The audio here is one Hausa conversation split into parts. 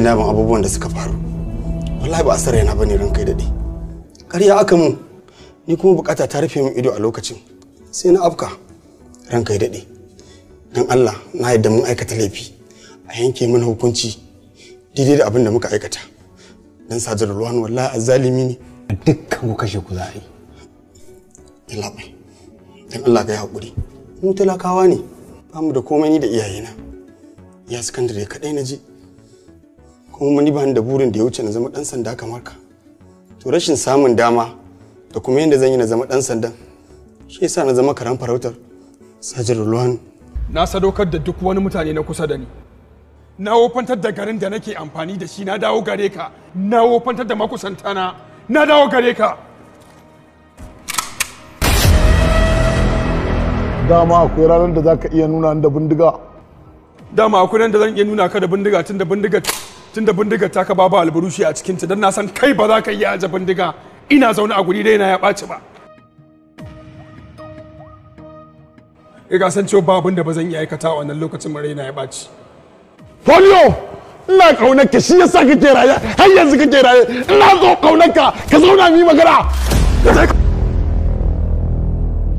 ne na abubuwan da suka faru wallahi ba asara yana bane ranka dade ƙarya aka mu ni kuma bukata ta rufe min ido a lokacin sai na afka ranka daɗi dan Allah na yadda mun aikata laifi a yanke mana hukunci daidai da abin da muka aikata don sajar ruwan wallahi azzalimi ne dukkan ku kashe ku za a yi Allah ka yi hakuri. mu talakawa ne ba mu da komai ni da iyayena ya sakandare kaɗai na je kuma ni bani da burin da ya wuce na zama dan sanda kamar ka to rashin samun dama da kuma yadda zan yi na zama dan sandan shi yasa na zama karan farautar sajar ruwan na sadaukar da duk wani mutane na kusa da ni na wofantar da garin da nake amfani da shi na dawo gare ka na wofantar da makusantana na dawo gare ka dama akwai ranar da za ka iya nuna da bindiga dama akwai ranar da zan iya nuna ka da bindiga tun da bindiga tun da bindigar ta ka babu albarushi a cikinta don na san kai ba za ka iya aje bindiga ina zaune a guri na ya ɓaci ba ga eh, san cewa ba abin da ba zan iya aikata a wannan lokacin mara yana ya ɓaci polio ina kaunar ka shi yasa kake raye har yanzu kake raye ina zo kaunar ka ka zauna mi magana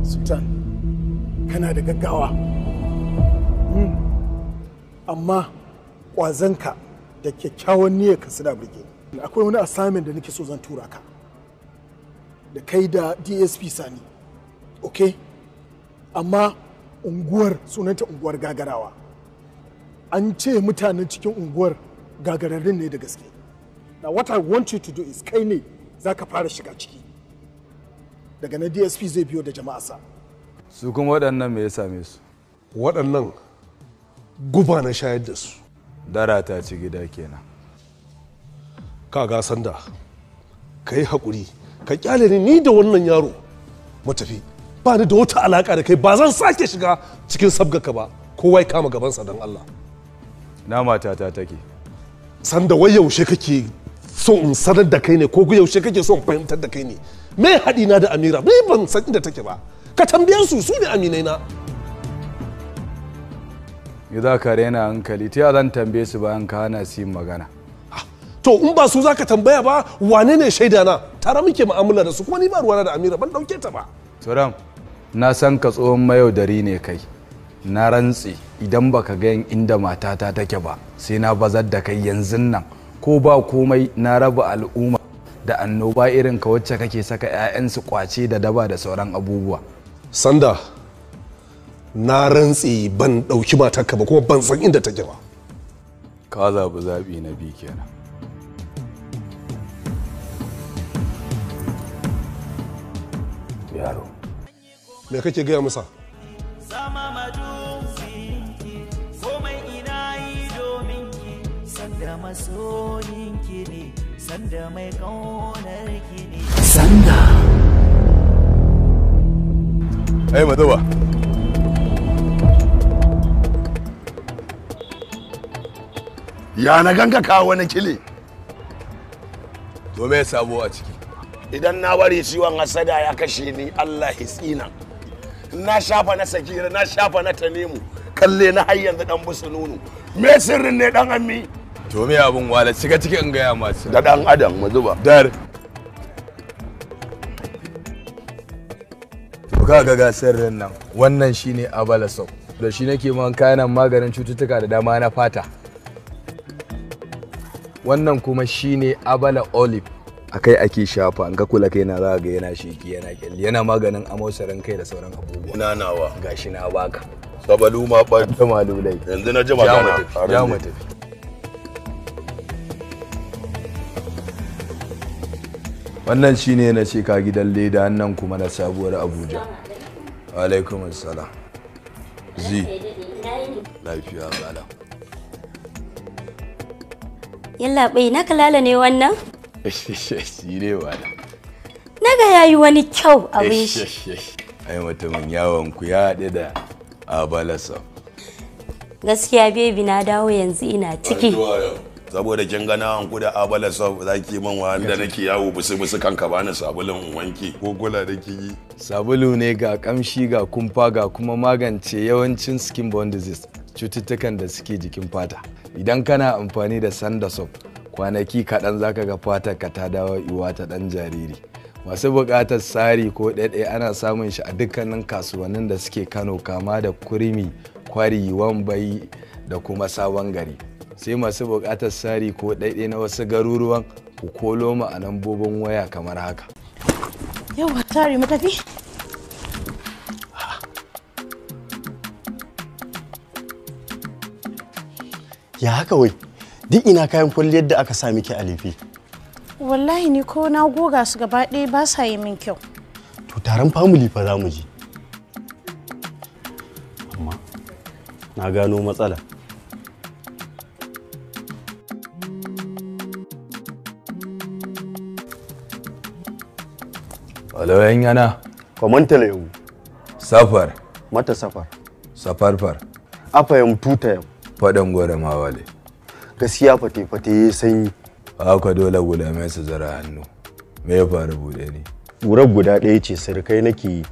sultan kana da gaggawa hmm. amma kwazanka da kyakkyawan niyyar ka suna burge akwai wani assignment da nake so zan tura ka da kai da dsp sani ok amma unguwar sunanta unguwar gagarawa an ce mutanen cikin unguwar gagararrun ne da gaske now what i want you to do is kai ne za ka fara shiga ciki daga na dsp zai biyo da sa. su kuma waɗannan me ya same su waɗannan guba na shayar da su dara ta ci gida kenan ka ga sanda ka yi haƙuri ka kyale ni ni da wannan yaro mu tafi ba ni da wata alaƙa da kai ba zan sake shiga cikin sabgaka ba kowa ya kama gabansa don Allah na matata take sanda wai yaushe kake son in sanar da kai ne ko yaushe kake son fahimtar da kai ne me haɗina da amira ni ban san inda take ba ka tambayar su su ne aminai na me za ka raina hankali ta zan tambaye su bayan ka hana su yin magana ah, to in ba su za tambaya ba wane ne shaida na tare muke mu'amala da su kuma ni ba ruwana da amira ban dauke ta ba turam na san ka tsohon mayaudari ne kai na rantse idan baka ga inda matata take ba sai na bazar da kai yanzu nan ko ba komai na raba al'umma da annoba irin ka wacce kake saka 'ya'yansu kwace da daba da sauran abubuwa sanda na rantse ban ɗauki matarka ba kuma ban san inda ta ba ka zaɓi zaɓi na bi kenan yaro me kake gaya musa sanda masoyinki ne sanda mai ƙaunarki ne sanda ai madawa ya na ganka kawo wani kile to me sabo a ciki idan na bari ciwon hasada ya kashe ni Allah ya tsina na shafa na sakira na shafa na tanimu kalle na har yanzu dan busu nunu. me sirrin ne dan ammi to me abun wala shiga ciki in gaya ma da dan adam mu zuba dar to ga ga sirrin nan wannan shine abalasau da shi nake man kayan maganin cututtuka da dama na fata wannan kuma shine abala olive akai ake shafa an ga kula kai na zaka ga yana shiki yana kyalli yana maganin amosarin kai da sauran abubuwa ina nawa gashi na baka sabalu ma ba ta malulai yanzu na ji magana ya mu tafi wannan shine na ce ka gidan leda nan kuma na sabuwar abuja alaikum assalam zi lafiya bala Yalla bai na kalala ne wannan? Shi ne wala. Naga yayi wani kyau abin shi. Ai mutumin yawon ku ya haɗe da abalasa. Gaskiya bebi na dawo yanzu ina ciki. Saboda kin gana an kuda abalasa za ki man wa da nake yawo busu busu kanka bani sabulun wanki ko gula da kiki? Sabulu ne ga kamshi ga kumfa ga kuma magance yawancin skin bone disease. cututtukan da suke jikin fata idan kana amfani da sanda soft kwanaki kaɗan ka ga fata ka ta dawo iwa ta ɗan jariri masu buƙatar tsari ko ɗaiɗai ana samun shi a dukkanin kasuwannin da suke kano kama da kurmi kwari wambai da kuma sabon gari sai masu buƙatar tsari ko ɗaiɗai na wasu garuruwan ku kolo mu a lambobin waya kamar haka yau tare mu Ya haka wai, duk ina kayan kwalliyar da aka sa miki a lefe. Wallahi ni ko na goga su gaba ɗaya ba sa yi min kyau. To taron family fa za mu je. Amma na gano matsala. Alawayen yana. Kwamanta layu. Safar. Mata safar. Safarfar. Afayam yau. faɗan gwada ma wale gaskiya fate-fate ya sanyi haka dole mai su zara hannu me ya faru buɗe ne ƙurar guda ɗaya ce sirkai nake yi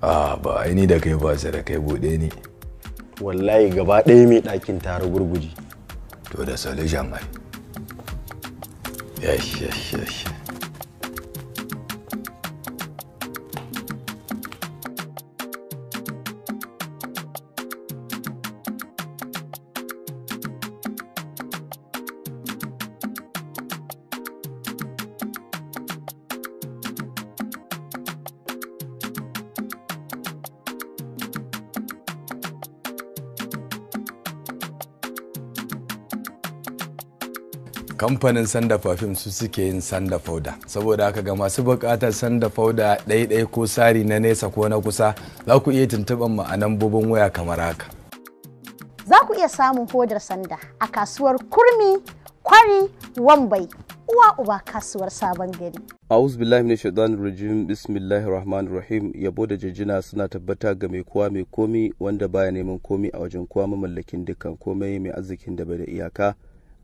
a ba aini da kai ba sirkai buɗe ne wallahi gaba ɗaya mai ɗakin tare gurguji to da solution ai yes, yes, yes. kamfanin sanda fafin su suke yin sanda fauda saboda haka ga masu bukatar sanda fauda ɗaiɗai ko tsari na nesa ko na kusa za ku iya tuntuɓar ma'anan bubun waya kamar haka za ku iya samun hodar sanda a kasuwar kurmi kwari wambai uwa uba kasuwar sabon gari. a'uz billahi minash shaitanir rajim bismillahir rahmanir rahim yabo da jejjina suna tabbata ga mai kowa mai komi wanda baya neman komi a wajen kowa mamallakin dukkan komai mai arzikin da bai da iyaka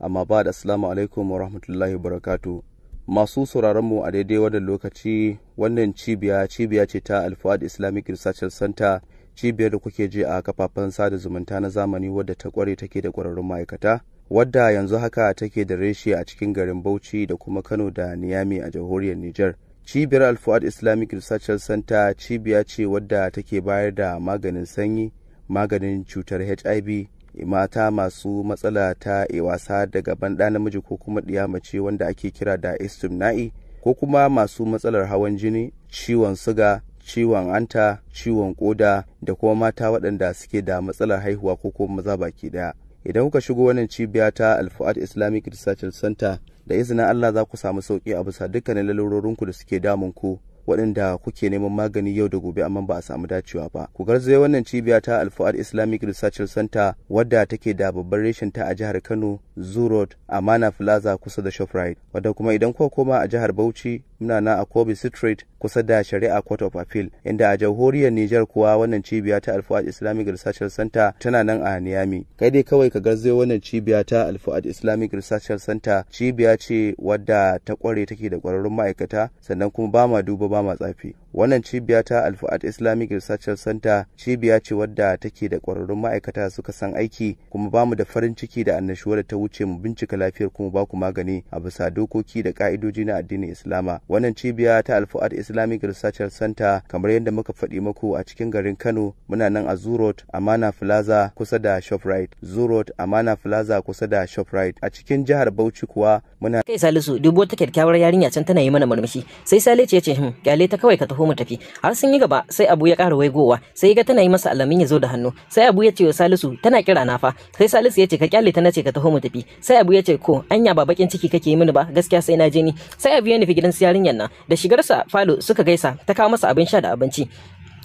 amma ba da assalamu alaikum wa rahmatullahi wa barakatu masu sauraronmu a daidai wannan lokaci wannan cibiya cibiya ce ta alfuad islamic research center cibiyar da kuke je a kafafen sada zumunta na zamani wadda ta kware take da kwararrun ma'aikata wadda yanzu haka take da reshe a cikin garin bauchi da kuma kano da niyami a jamhuriyar niger cibiyar alfuad islamic research center cibiya ce wadda take bayar da maganin sanyi maganin cutar hiv mata masu matsala ta eh, wasa daga banɗa namiji ko kuma ɗiya mace wanda ake kira da istimna'i ko kuma masu matsalar hawan jini ciwon suga ciwon anta ciwon koda da kuma mata waɗanda suke da matsalar haihuwa ko kuma maza baki ɗaya idan kuka shigo wannan cibiya ta alfuad islamic research center da izinin allah za ku samu sauƙi a bisa dukkanin lalurorinku da suke damun ku waɗanda kuke neman magani yau da gobe amma ba a samu dacewa ba ku garzaya wannan cibiya ta alfa'ar islamic research center wadda take da babban reshen ta a jihar kano zoo road amana plaza kusa da shoprite wadda kuma idan kuka koma a jihar bauchi muna na a Kobe Street kusa da Shari'a Court of Appeal inda a jamhuriyar niger kuwa wannan cibiya ta Alfuad Islamic Research Center tana nan a Niyami kai dai kawai ka garzai wannan cibiya ta Alfuad Islamic Research Center cibiya ce wadda ta kware take da kwararrun ma'aikata sannan kuma ba ma duba ba ma tsafi wannan cibiya ta alfa'at islamic research center cibiya ce wadda take da ƙwararrun ma'aikata suka san aiki kuma bamu da farin ciki da annashuwa da ta wuce mu bincika lafiyar kuma baku magani a bisa dokoki da ka'idoji na addinin islama wannan cibiya ta alfa'at islamic research center kamar yadda muka faɗi muku a cikin garin kano muna nan a zurot amana plaza kusa da shoprite zurot amana plaza kusa da shoprite a cikin jihar bauchi kuwa muna kai salisu dubu wata kyakkyawar yarinya can tana yi mana murmushi sai salisu ya ce kyale hmm, ta kawai ka taho taho mu tafi har sun yi gaba sai abu ya ƙara waigowa sai ga tana yi masa alamin ya zo da hannu sai abu ya ce wa salisu tana kira na fa sai salisu ya ce ka kyale ta nace ka taho mu tafi sai abu ya ce ko anya ba bakin ciki kake yi mini ba gaskiya sai na je ni sai abu ya nufi gidan su yarinyar nan da shigar shigarsa falo suka gaisa ta kawo masa abin sha da abinci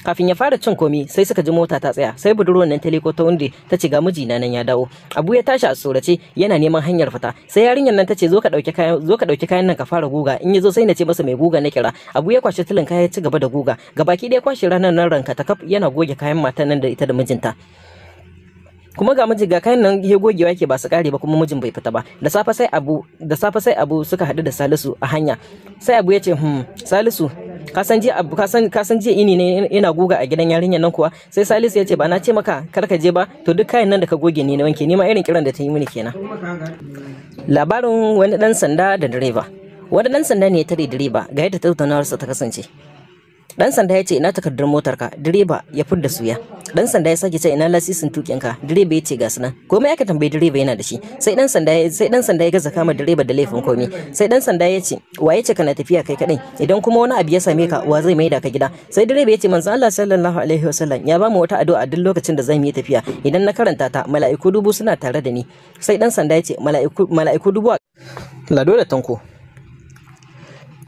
kafin ya fara cin komi sai suka ji mota ta tsaya sai budurwar nan ta liko ta wunde ta ce ga mijina nan ya dawo abu ya tashi a tsorace yana neman hanyar fita sai yarinyar nan ta ce zo ka dauki kayan zo ka dauki kayan nan ka fara guga in ya zo sai na ce masa mai guga na kira abu ya kwashe tulin kaya ya ci gaba da guga gabaki ɗaya kwashe ranar nan ranka ta kaf yana goge kayan matan nan da ita da mijinta kuma ga miji ga kayan nan ya gogewa yake ba su kare ba kuma mijin bai fita ba da safe sai abu da safe sai abu suka hadu da Salisu a hanya sai abu ya ce hmm Salisu ka san jiya ka san ini ne ina guga a gidan yarinyar nan kuwa sai Salisu ya ce ba na ce maka kar ka je ba to duk kayan nan da ka goge ni na wanke ni ma irin kiran da ta yi mini kenan labarin wani dan sanda da direba wani dan sanda ne ya tare direba ga yadda tattaunawarsa ta kasance dan sanda ya ce ina takardar motar ka direba ya fidda suya dan sanda ya sake ce ina lasisin tukin ka direba ya ce ga sunan komai aka tambayi direba yana da shi sai dan sanda sai dan sanda ya gaza kama direba da laifin komai sai dan sanda ya ce waye ce kana tafiya kai kadai idan kuma wani abu ya same ka wa zai maida ka gida sai direba ya ce manzo Allah sallallahu alaihi wasallam ya ba mu wata addu'a duk lokacin da zan yi tafiya idan na karanta ta mala'iku dubu suna tare da ni sai dan sanda ya ce mala'iku mala'iku dubu lado da tanko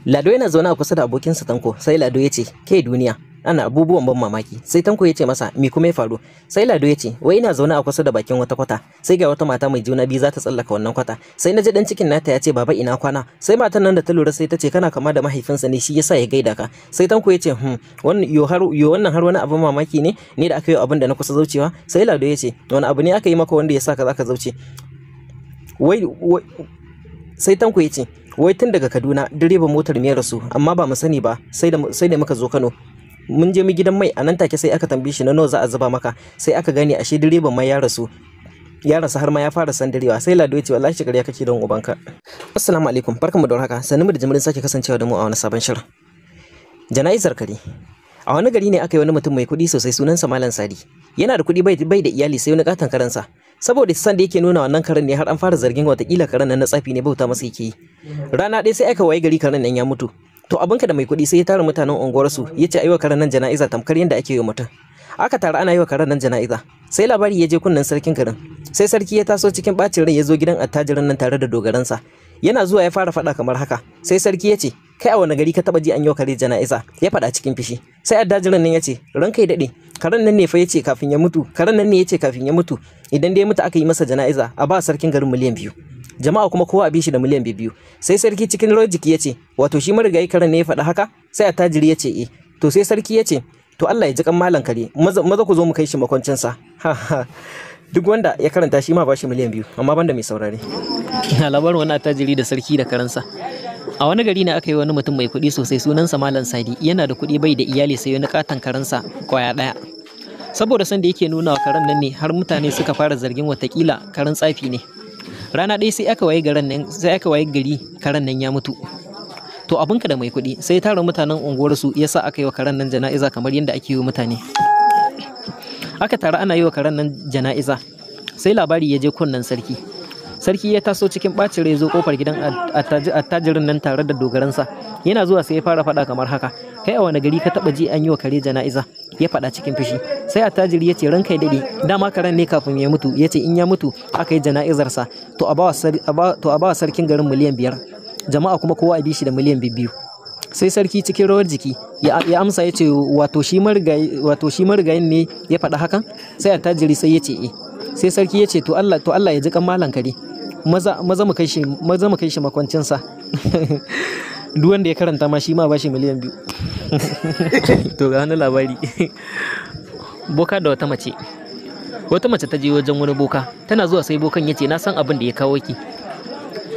Lado yana zaune a kusa da abokinsa Tanko sai Lado ya ce ke duniya ana abubuwan ban mamaki sai Tanko ya ce masa me kuma ya faru sai Lado ya ce wai ina zaune a kusa da bakin wata kwata sai ga wata mata mai juna biyu za ta tsallaka wannan kwata sai na ji dan cikin nata ya ce baba ina kwana sai matan nan da ta lura sai ta ce kana kama da mahaifinsa ne shi yasa ya gaida ka sai Tanko ya ce hmm wannan yo har yo wannan har wani abin mamaki ne ni da aka yi abin da na kusa zaucewa sai Lado ya ce wani abu ne aka yi maka wanda ya ka zaka zauce wai sai Tanko ya ce wai tun daga kaduna direban motar me rasu amma ba mu sani ba sai da muka zo kano mun je mu gidan mai a nan take sai aka tambaye shi na nawa za a zuba maka sai aka gane ashe direban mai ya rasu ya rasu har ma ya fara sandarewa sai lado ya ce wallahi shigar ya kake don ubanka assalamu alaikum barkamu da warhaka sanin mu da jimirin sake kasancewa da mu a wani sabon shirin Janayi zarkari a wani gari ne aka yi wani mutum mai kuɗi sosai sunansa malam sadi yana da kuɗi bai da iyali sai wani karan karansa saboda san da yake nuna wannan karan ne har an fara zargin watakila karan nan na tsafi ne bauta masa yake yi rana ɗaya sai aka waye gari karan nan ya mutu to abinka da mai kuɗi sai ya tara mutanen unguwarsu ya ce aiwa karan nan jana'iza tamkar yadda ake yi mutum aka tara ana yi wa karan nan jana'iza sai labari ya je kunnen sarkin garin sai sarki ya taso cikin bacin rai ya zo gidan attajirin nan tare da dogaransa yana zuwa ya fara faɗa kamar haka sai sarki ya ce kai a wani gari ka taba ji an yi kare jana'iza ya faɗa cikin fishi sai addajiran nan ya ce ran kai daɗe karen nan ne fa ya ce kafin ya mutu karen nan ne ya kafin ya mutu idan dai mutu aka yi masa jana'iza a ba sarkin garin miliyan biyu jama'a kuma kowa a bi shi da miliyan biyu sai sarki cikin logic ya ce wato shi marigayi karen ne ya faɗa haka sai attajiri ya ce eh to sai sarki ya ce to Allah ya ji kan malan kare maza ku zo mu kai shi makwancinsa duk wanda ya karanta shi ma ba shi miliyan biyu amma banda mai saurare ina labarin wani attajiri da sarki da karansa a wani gari ne aka yi wani mutum mai kuɗi sosai sunansa malam sadi yana da kuɗi bai da iyali sai wani katon karansa kwaya ɗaya saboda son da yake nuna wa karen nan ne har mutane suka fara zargin watakila karen tsafi ne rana ɗaya sai aka waye garin nan sai aka waye gari karen nan ya mutu to abinka da mai kuɗi sai tara mutanen unguwarsu ya sa aka yi wa karen nan jana'iza kamar yadda ake yi wa mutane aka taru ana yi wa karen nan jana'iza sai labari ya je kunnen sarki sarki ya taso cikin bacin rai zo kofar gidan attajirin nan tare da dogaransa yana zuwa sai ya fara faɗa kamar haka kai a wani gari ka taɓa ji an yi wa kare jana'iza ya faɗa cikin fushi sai attajiri ya ce ranka ya daɗe dama karen ne kafin ya mutu ya ce in ya mutu aka yi jana'izarsa to a wa sarkin garin miliyan biyar jama'a kuma kowa a bi shi da miliyan biyu sai sarki cikin rawar jiki ya amsa ya ce wato shi marigayin ne ya faɗa hakan sai attajiri sai ya ce e sai sarki ya ce to Allah to Allah ya ji kan malan kare maza mu kai shi maza mu kai shi makwancin sa duk wanda ya karanta ma shi ma bashi miliyan biyu to ga wani labari boka da wata mace wata mace ta je wajen wani boka tana zuwa sai bokan ya ce na san abin da ya kawo ki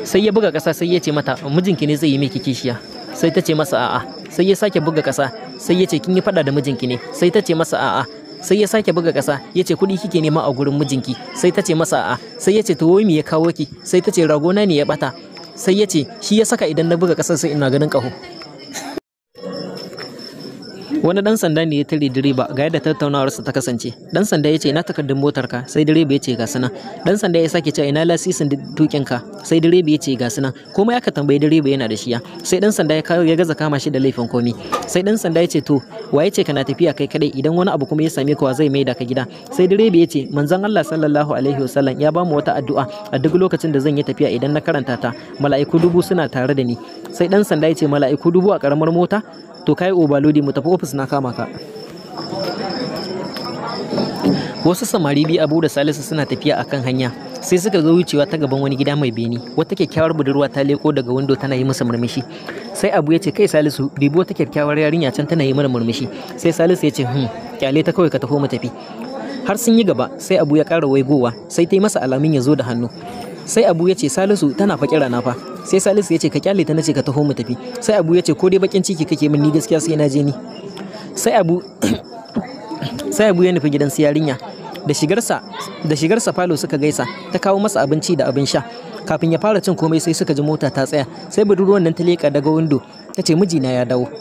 sai ya buga ƙasa sai ya ce mata mijinki ne zai yi miki kishiya sai ta ce masa a'a sai ya sake buga ƙasa sai ya ce kin yi faɗa da mijinki ne sai ta ce masa a'a sai ya sake buga kasa ya ce kuɗi kike nema a gurin mijinki sai ta ce masa a'a sai ya ce to wai me ya kawo ki sai ta ce ragona ne ya bata sai ya ce shi ya saka idan na buga ƙasar sai ina ganin ƙaho wani dan sanda ne ya tare direba ga yadda tattaunawarsa ta kasance dan sanda ya ce ina takardun ka sai direba ya ce ga sunan dan sanda ya sake cewa ina lasisin tukin ka sai direba ya ce ga sunan komai aka tambayi direba yana da shiya sai dan sanda ya gaza kama shi da laifin komi sai dan sanda ya ce to waye ce kana tafiya kai kadai idan wani abu kuma ya same ka zai mai da ka gida sai direba ya ce manzon Allah sallallahu alaihi wasallam ya ba mu wata addu'a a duk lokacin da zan yi tafiya idan na karanta ta mala'iku dubu suna tare da ni sai dan sanda ya ce mala'iku dubu a karamar mota to kai overloading mu tafi office na kama ka wasu samari biyu abu da salisu suna tafiya akan hanya sai suka zo wucewa ta gaban wani gida mai beni wata kyakkyawar budurwa ta leko daga window tana yi masa murmushi sai abu ya ce kai salisu ribo ta kyakkyawar yarinya can tana yi mana murmushi sai salisu ya ce hmm kyale ta kawai ka taho mu tafi har sun yi gaba sai abu ya kara waigowa sai ta yi masa alamin ya zo da hannu sai abu ya ce salisu tana fa kira na fa sai salisu ya ce ka kyale ta nace ka taho mu tafi sai abu ya ce ko dai bakin ciki kake min ni gaskiya sai na je ni sai abu sai abu ya nufi gidan su yarinya da shigarsa da shigarsa falo suka gaisa ta kawo masa abinci da abin sha kafin ya fara cin komai sai suka ji mota ta tsaya sai budurwar nan ta leka daga window ta ce mijina ya dawo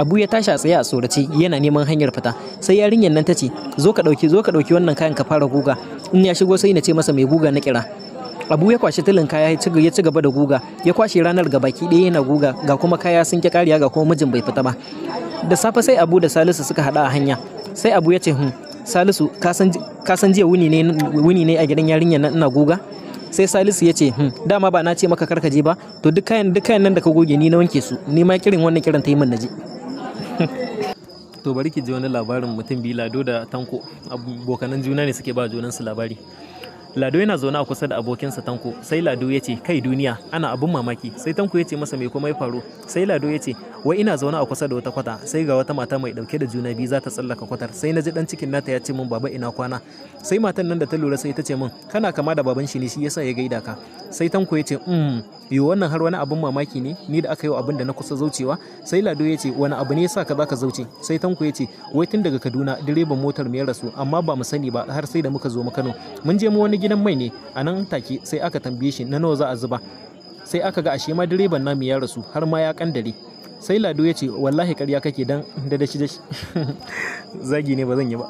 abu ya tashi a tsaye a tsorace yana neman hanyar fita sai yarinyar nan ta ce zo ka ɗauki zo ka ɗauki wannan kayan ka fara guga in ya shigo sai na ce masa mai guga na kira abu ya kwashe tilin kaya ya ci gaba da guga ya kwashe ranar ga baki ɗaya yana guga ga kuma kaya sun ki kariya ga kuma mijin bai fita ba da safe sai abu da salisu suka hada a hanya sai abu ya ce hun hmm, salisu ka san jiya wuni ne a gidan yarinyar nan ina guga sai salisu ya ce hmm, dama ba na ce maka karka je ba to duk kayan duk kayan nan da ka goge ni na wanke su ni ma kirin wannan kiran ta yi min naje to bari ki ji wani labarin mutum biyu lado da tanko abokanan juna ne suke ba junan su labari lado yana zaune a kusa da abokinsa tanko sai lado ya ce kai duniya ana abin mamaki sai tanko ya ce masa me kuma ya faru sai lado ya ce wai ina zaune a kusa da wata kwata sai ga wata mata mai dauke da juna biyu za ta tsallaka kwatar sai na ji dan cikin nata ya ce min baba ina kwana sai matan nan da ta lura sai ta ce min kana kama da baban shi ne shi yasa ya gaida ka sai tanko ya ce mm, yo wannan har wani abin mamaki ne ni da aka yi abin da na kusa zaucewa sai lado ya ce wani abu ne yasa ka zaka zauce sai tanko ya ce wai tun daga kaduna direban motar mu ya rasu amma ba mu sani ba har sai da muka zo mu kano mun je mu wani gidan mai ne a nan take sai aka tambaye shi na nawa za a zuba sai aka ga ashe ma direban namu ya rasu har ma ya kandare sai lado ya ce wallahi karya kake dan da dashi dashi zagi ne ba zan yi ba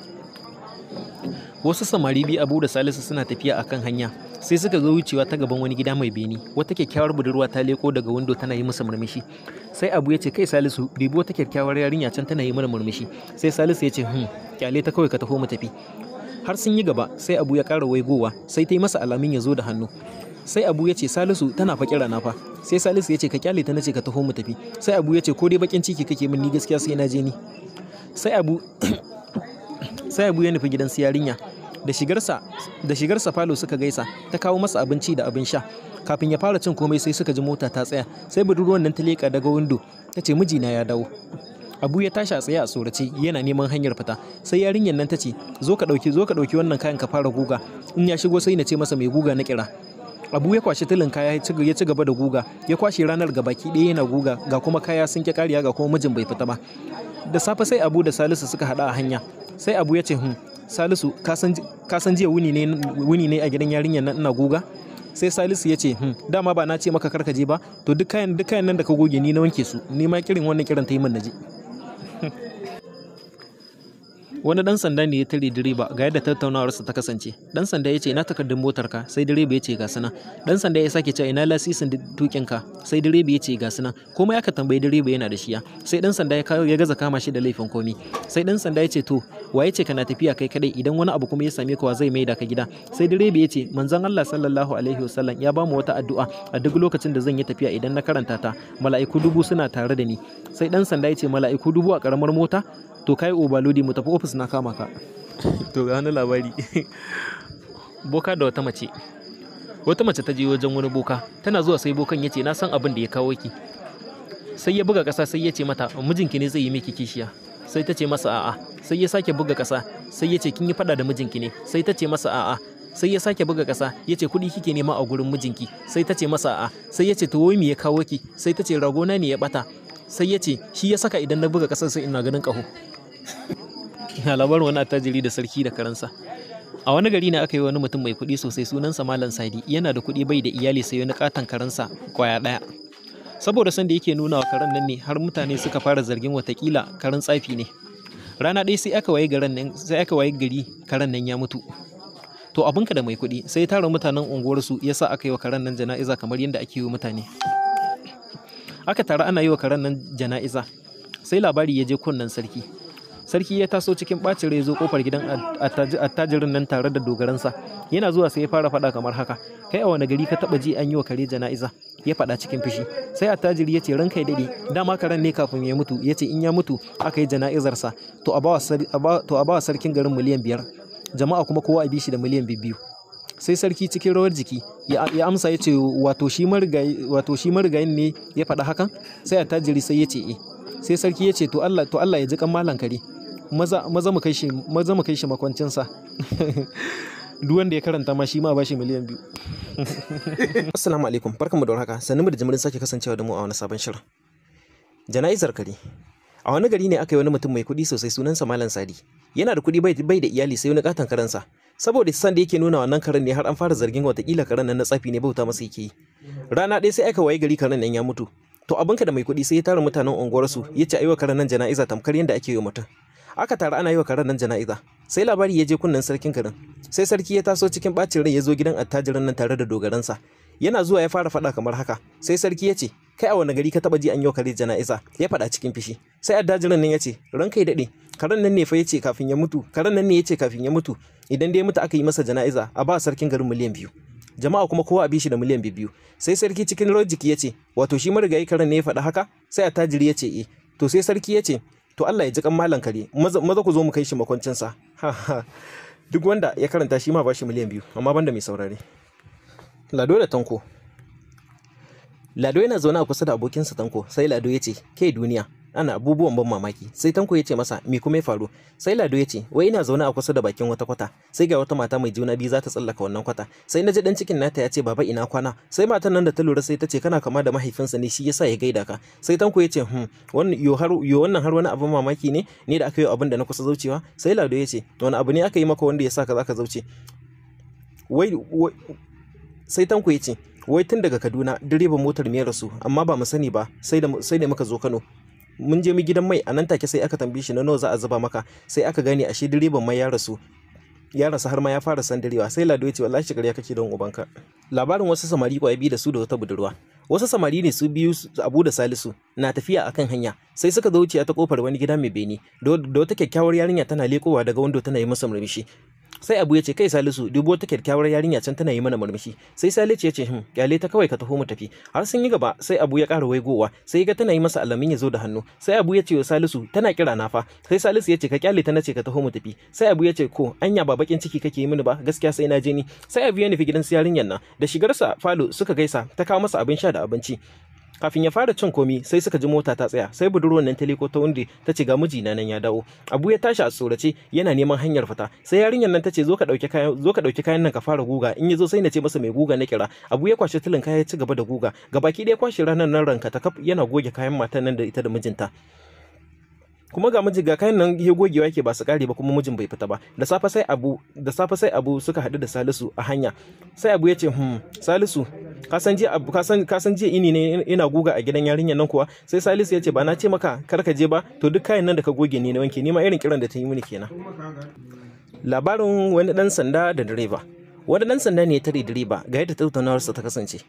wasu samari biyu abu da salisu suna tafiya akan hanya sai suka zo wucewa ta gaban wani gida mai beni wata kyakkyawar budurwa ta leko daga wando tana yi musu murmushi sai abu ya ce kai salisu ribi wata kyakkyawar yarinya can tana yi mana murmushi sai salisu ya ce hmm kyale ta kawai ka taho mu tafi har sun yi gaba sai abu ya ƙara waigowa sai ta yi masa alamin ya zo da hannu sai abu ya ce salisu tana fa kira na fa sai salisu ya ce ka kyale ta nace ka taho mu tafi sai abu ya ce ko dai bakin ciki kake min ni gaskiya sai na je ni sai abu sai abu ya nufi gidan su yarinya da shigarsa da shigarsa falo suka gaisa ta kawo masa abinci da abin sha kafin ya fara cin komai sai suka ji mota ta tsaya sai budurwar nan ta leƙa daga windo ta ce mijina ya dawo abu ya tashi a tsaye a tsorace yana neman hanyar fita sai yarinyar nan ta ce zo ka dauki zo ka dauki wannan kayan ka fara guga in ya shigo sai na ce masa mai guga na kira abu ya kwashi tilin kaya ya ci gaba da guga ya kwashe ranar baki ɗaya yana guga ga kuma kaya sun ki kariya ga kuma mijin bai fita ba da safe sai abu da salisu suka hada a hanya sai abu ya ce hun hmm, salisu ka san jiya wuni ne a gidan yarinyar nan ina guga sai salisu ya ce hmm, dama ba na ce maka karkaje ba to duk kayan nan da ka goge ni na wanke su ni ma kirin wannan kiran ta yi min naje wani dan sanda ne ya tare direba ga yadda tattaunawarsa ta kasance dan sanda ya ce ina takardun motar ka sai direba ya ce ga suna dan sanda ya sake cewa ina lasisin tukin ka sai direba ya ce ga sunan ya aka tambayi direba yana da shiya sai dan sanda ya gaza kama shi da laifin komi sai dan sanda ya ce to ya ce kana tafiya kai kadai idan wani abu kuma ya same ka zai da ka gida sai direba ya ce manzon Allah sallallahu alaihi wasallam ya ba mu wata addu'a a duk lokacin da zan yi tafiya idan na karanta ta mala'iku dubu suna tare da ni sai dan sanda ya ce mala'iku dubu a karamar mota to kai obalodi mu tafi ofis na kama ka to ga wani labari boka da wata mace wata mace ta je wajen wani boka tana zuwa sai bokan ya ce na san abin da ya kawo ki sai ya buga ƙasa sai ya ce mata mijinki ne zai yi miki kishiya sai ta ce masa a'a sai ya sake buga ƙasa sai ya ce kin yi fada da mijinki ne sai ta ce masa a'a sai ya sake buga ƙasa ya ce kuɗi kike nema a gurin mijinki sai ta ce masa a'a sai ya ce to wai me ya kawo ki sai ta ce ragona ne ya ɓata sai ya ce shi ya saka idan na buga ƙasa sai ina ganin ƙaho a labarin wani attajiri da sarki da karansa a wani gari ne aka yi wani mutum mai kuɗi sosai sunansa malam sadi yana da kuɗi bai da iyali sai wani katon karansa kwaya ɗaya saboda sanda yake nuna wa karan nan ne har mutane suka fara zargin watakila karan tsafi ne rana ɗaya sai aka waye nan sai aka waye gari karan nan ya mutu to abinka da mai kuɗi sai tara mutanen unguwarsu ya sa aka yi wa karan nan jana'iza kamar yadda ake yi mutane aka tara ana yi wa karan nan jana'iza sai labari ya je kunnen sarki sarki ya taso cikin ɓacin rai zo kofar gidan attajirin nan tare da dogaransa yana zuwa sai ya fara faɗa kamar haka kai a wani gari ka taɓa ji an yi wa kare jana'iza ya faɗa cikin fushi sai attajiri ya ce ranka ya daɗe dama karan ne kafin ya mutu ya ce in ya mutu aka yi jana'izarsa to a bawa sarkin garin miliyan biyar jama'a kuma kowa a bi shi da miliyan biyu sai sarki cikin rawar jiki ya amsa ya ce wato shi marigayin ne ya faɗa hakan sai attajiri sai ya ce eh sai sarki ya ce to Allah to Allah ya ji kan malan kare maza mu kai shi maza mu kai shi makwancinsa duk wanda ya karanta ma shi ma bashi miliyan biyu assalamu alaikum barkanmu da warhaka sannu mu da jimirin sake kasancewa da mu a wani sabon shirin jana'izar kare a wani gari ne aka yi wani mutum mai kuɗi sosai sunansa malam sadi yana da kuɗi bai da iyali sai wani katon karansa saboda san da yake nuna wannan karen ne har an fara zargin watakila karen nan na tsafi ne bauta masa yake yi rana ɗaya sai aka waye gari karen nan ya mutu to abinka da mai kuɗi sai ya tara mutanen unguwarsu ya ce aiwa karen nan jana'iza tamkar yadda ake yi mutum aka tara ana yi wa karen nan jana'iza sai labari ya je kunnen sarkin garin sai sarki ya taso cikin bacin rai ya zo gidan attajirin nan tare da dogaransa yana zuwa ya fara faɗa kamar haka sai sarki ya ce kai a wani gari ka taba ji an yau kare jana'iza ya faɗa cikin fishi sai attajirin nan ya ce Ran kai daɗe karen nan ne fa ya ce kafin ya mutu karen nan ne ya ce kafin ya mutu idan dai mutu aka yi masa jana'iza a ba sarkin garin miliyan biyu jama'a kuma kowa a bi da miliyan biyu sai sarki cikin rojiki ya ce wato shi marigayi karen ne ya faɗa haka sai attajiri ya ce eh to sai sarki ya ce to Allah ya ji kan malam kare maza ku zo mu kai shi makwancinsa duk wanda ya karanta shi ma ba shi miliyan biyu amma banda mai saurare lado da tanko lado yana zaune a kusa da abokinsa tanko sai lado ya ce ke duniya ana abubuwan ban mamaki sai tanko ya ce masa me kuma ya faru sai lado ya ce wai ina zaune a kusa da bakin wata kwata sai ga wata mata mai juna biyu za ta tsallaka wannan kwata sai na ji dan cikin nata ya ce baba ina kwana sai matan nan da ta lura sai ta ce kana kama da mahaifinsa ne shi yasa ya gaida ka sai tanko ya ce hmm wannan yo har yo wannan har wani abin mamaki ne ne da aka yi abin da na kusa zaucewa sai lado ya ce wani abu ne aka yi maka wanda ya sa ka zaka zauce wai sai tanko ya ce wai tun daga kaduna direban motar me rasu amma ba mu sani ba sai da muka zo kano mun je mu gidan mai a nan take sai aka tambaye shi na nawa za a zuba maka sai aka gane ashe direban mai ya rasu ya rasu har ma ya fara sandarewa sai lado ya ce wallahi shigar ya kake don ubanka labarin wasu samari kwaya biyu da su da wata budurwa wasu samari ne su biyu abu da salisu na tafiya akan hanya sai suka zo wuce ta kofar wani gida mai beni da wata kyakkyawar yarinya tana lekowa daga wando tana yi masa murmushi sai abu ya ce kai salisu dubu wata kyakkyawar yarinya can tana yi mana murmushi sai salisu ya ce hin hmm, kyale ta kawai ka taho mu tafi har sun yi gaba sai abu ya ƙara waigowa sai ga tana yi masa alamin ya zo da hannu sai abu ya ce wa salisu tana kira na fa sai salisu ya ce ka kyale ta nace ka taho mu tafi sai abu ya ce ko anya ba bakin ciki kake yi mini ba gaskiya sai na je ni sai abu ya nufi gidan su yarinyar nan da shigarsa falo suka gaisa ta kawo masa abin sha da abinci kafin ya fara cin komi sai suka ji mota ta tsaya sai budurwar nan ta liko ta wunde ta ce ga mijina nan ya dawo abu ya tashi a tsorace yana neman hanyar fita sai yarinyar nan ta ce zo ka dauki kayan zo ka dauki kayan nan ka fara guga in yazo sai na ce masa mai guga na kira abu ya kwashe tulin kaya ya ci gaba da guga gabaki ɗaya kwashe ranar nan ranka ta kaf yana goge kayan matan nan da ita da mijinta kuma ga miji ga kayan nan ya gogewa yake ba su kare ba kuma mijin bai fita ba da safe sai abu da safe sai abu suka hadu da salisu a hanya sai abu ya ce hmm salisu ka san jiya abu ka san jiya ini ne ina guga a gidan yarinyar nan kuwa sai salisu ya ce ba na ce maka kar ka je ba to duk kayan nan da ka goge ni na wanke ni ma irin kiran da ta yi mini kenan labarin wani dan sanda da direba wani dan sanda ne ya tare direba ga yadda tattaunawarsa ta kasance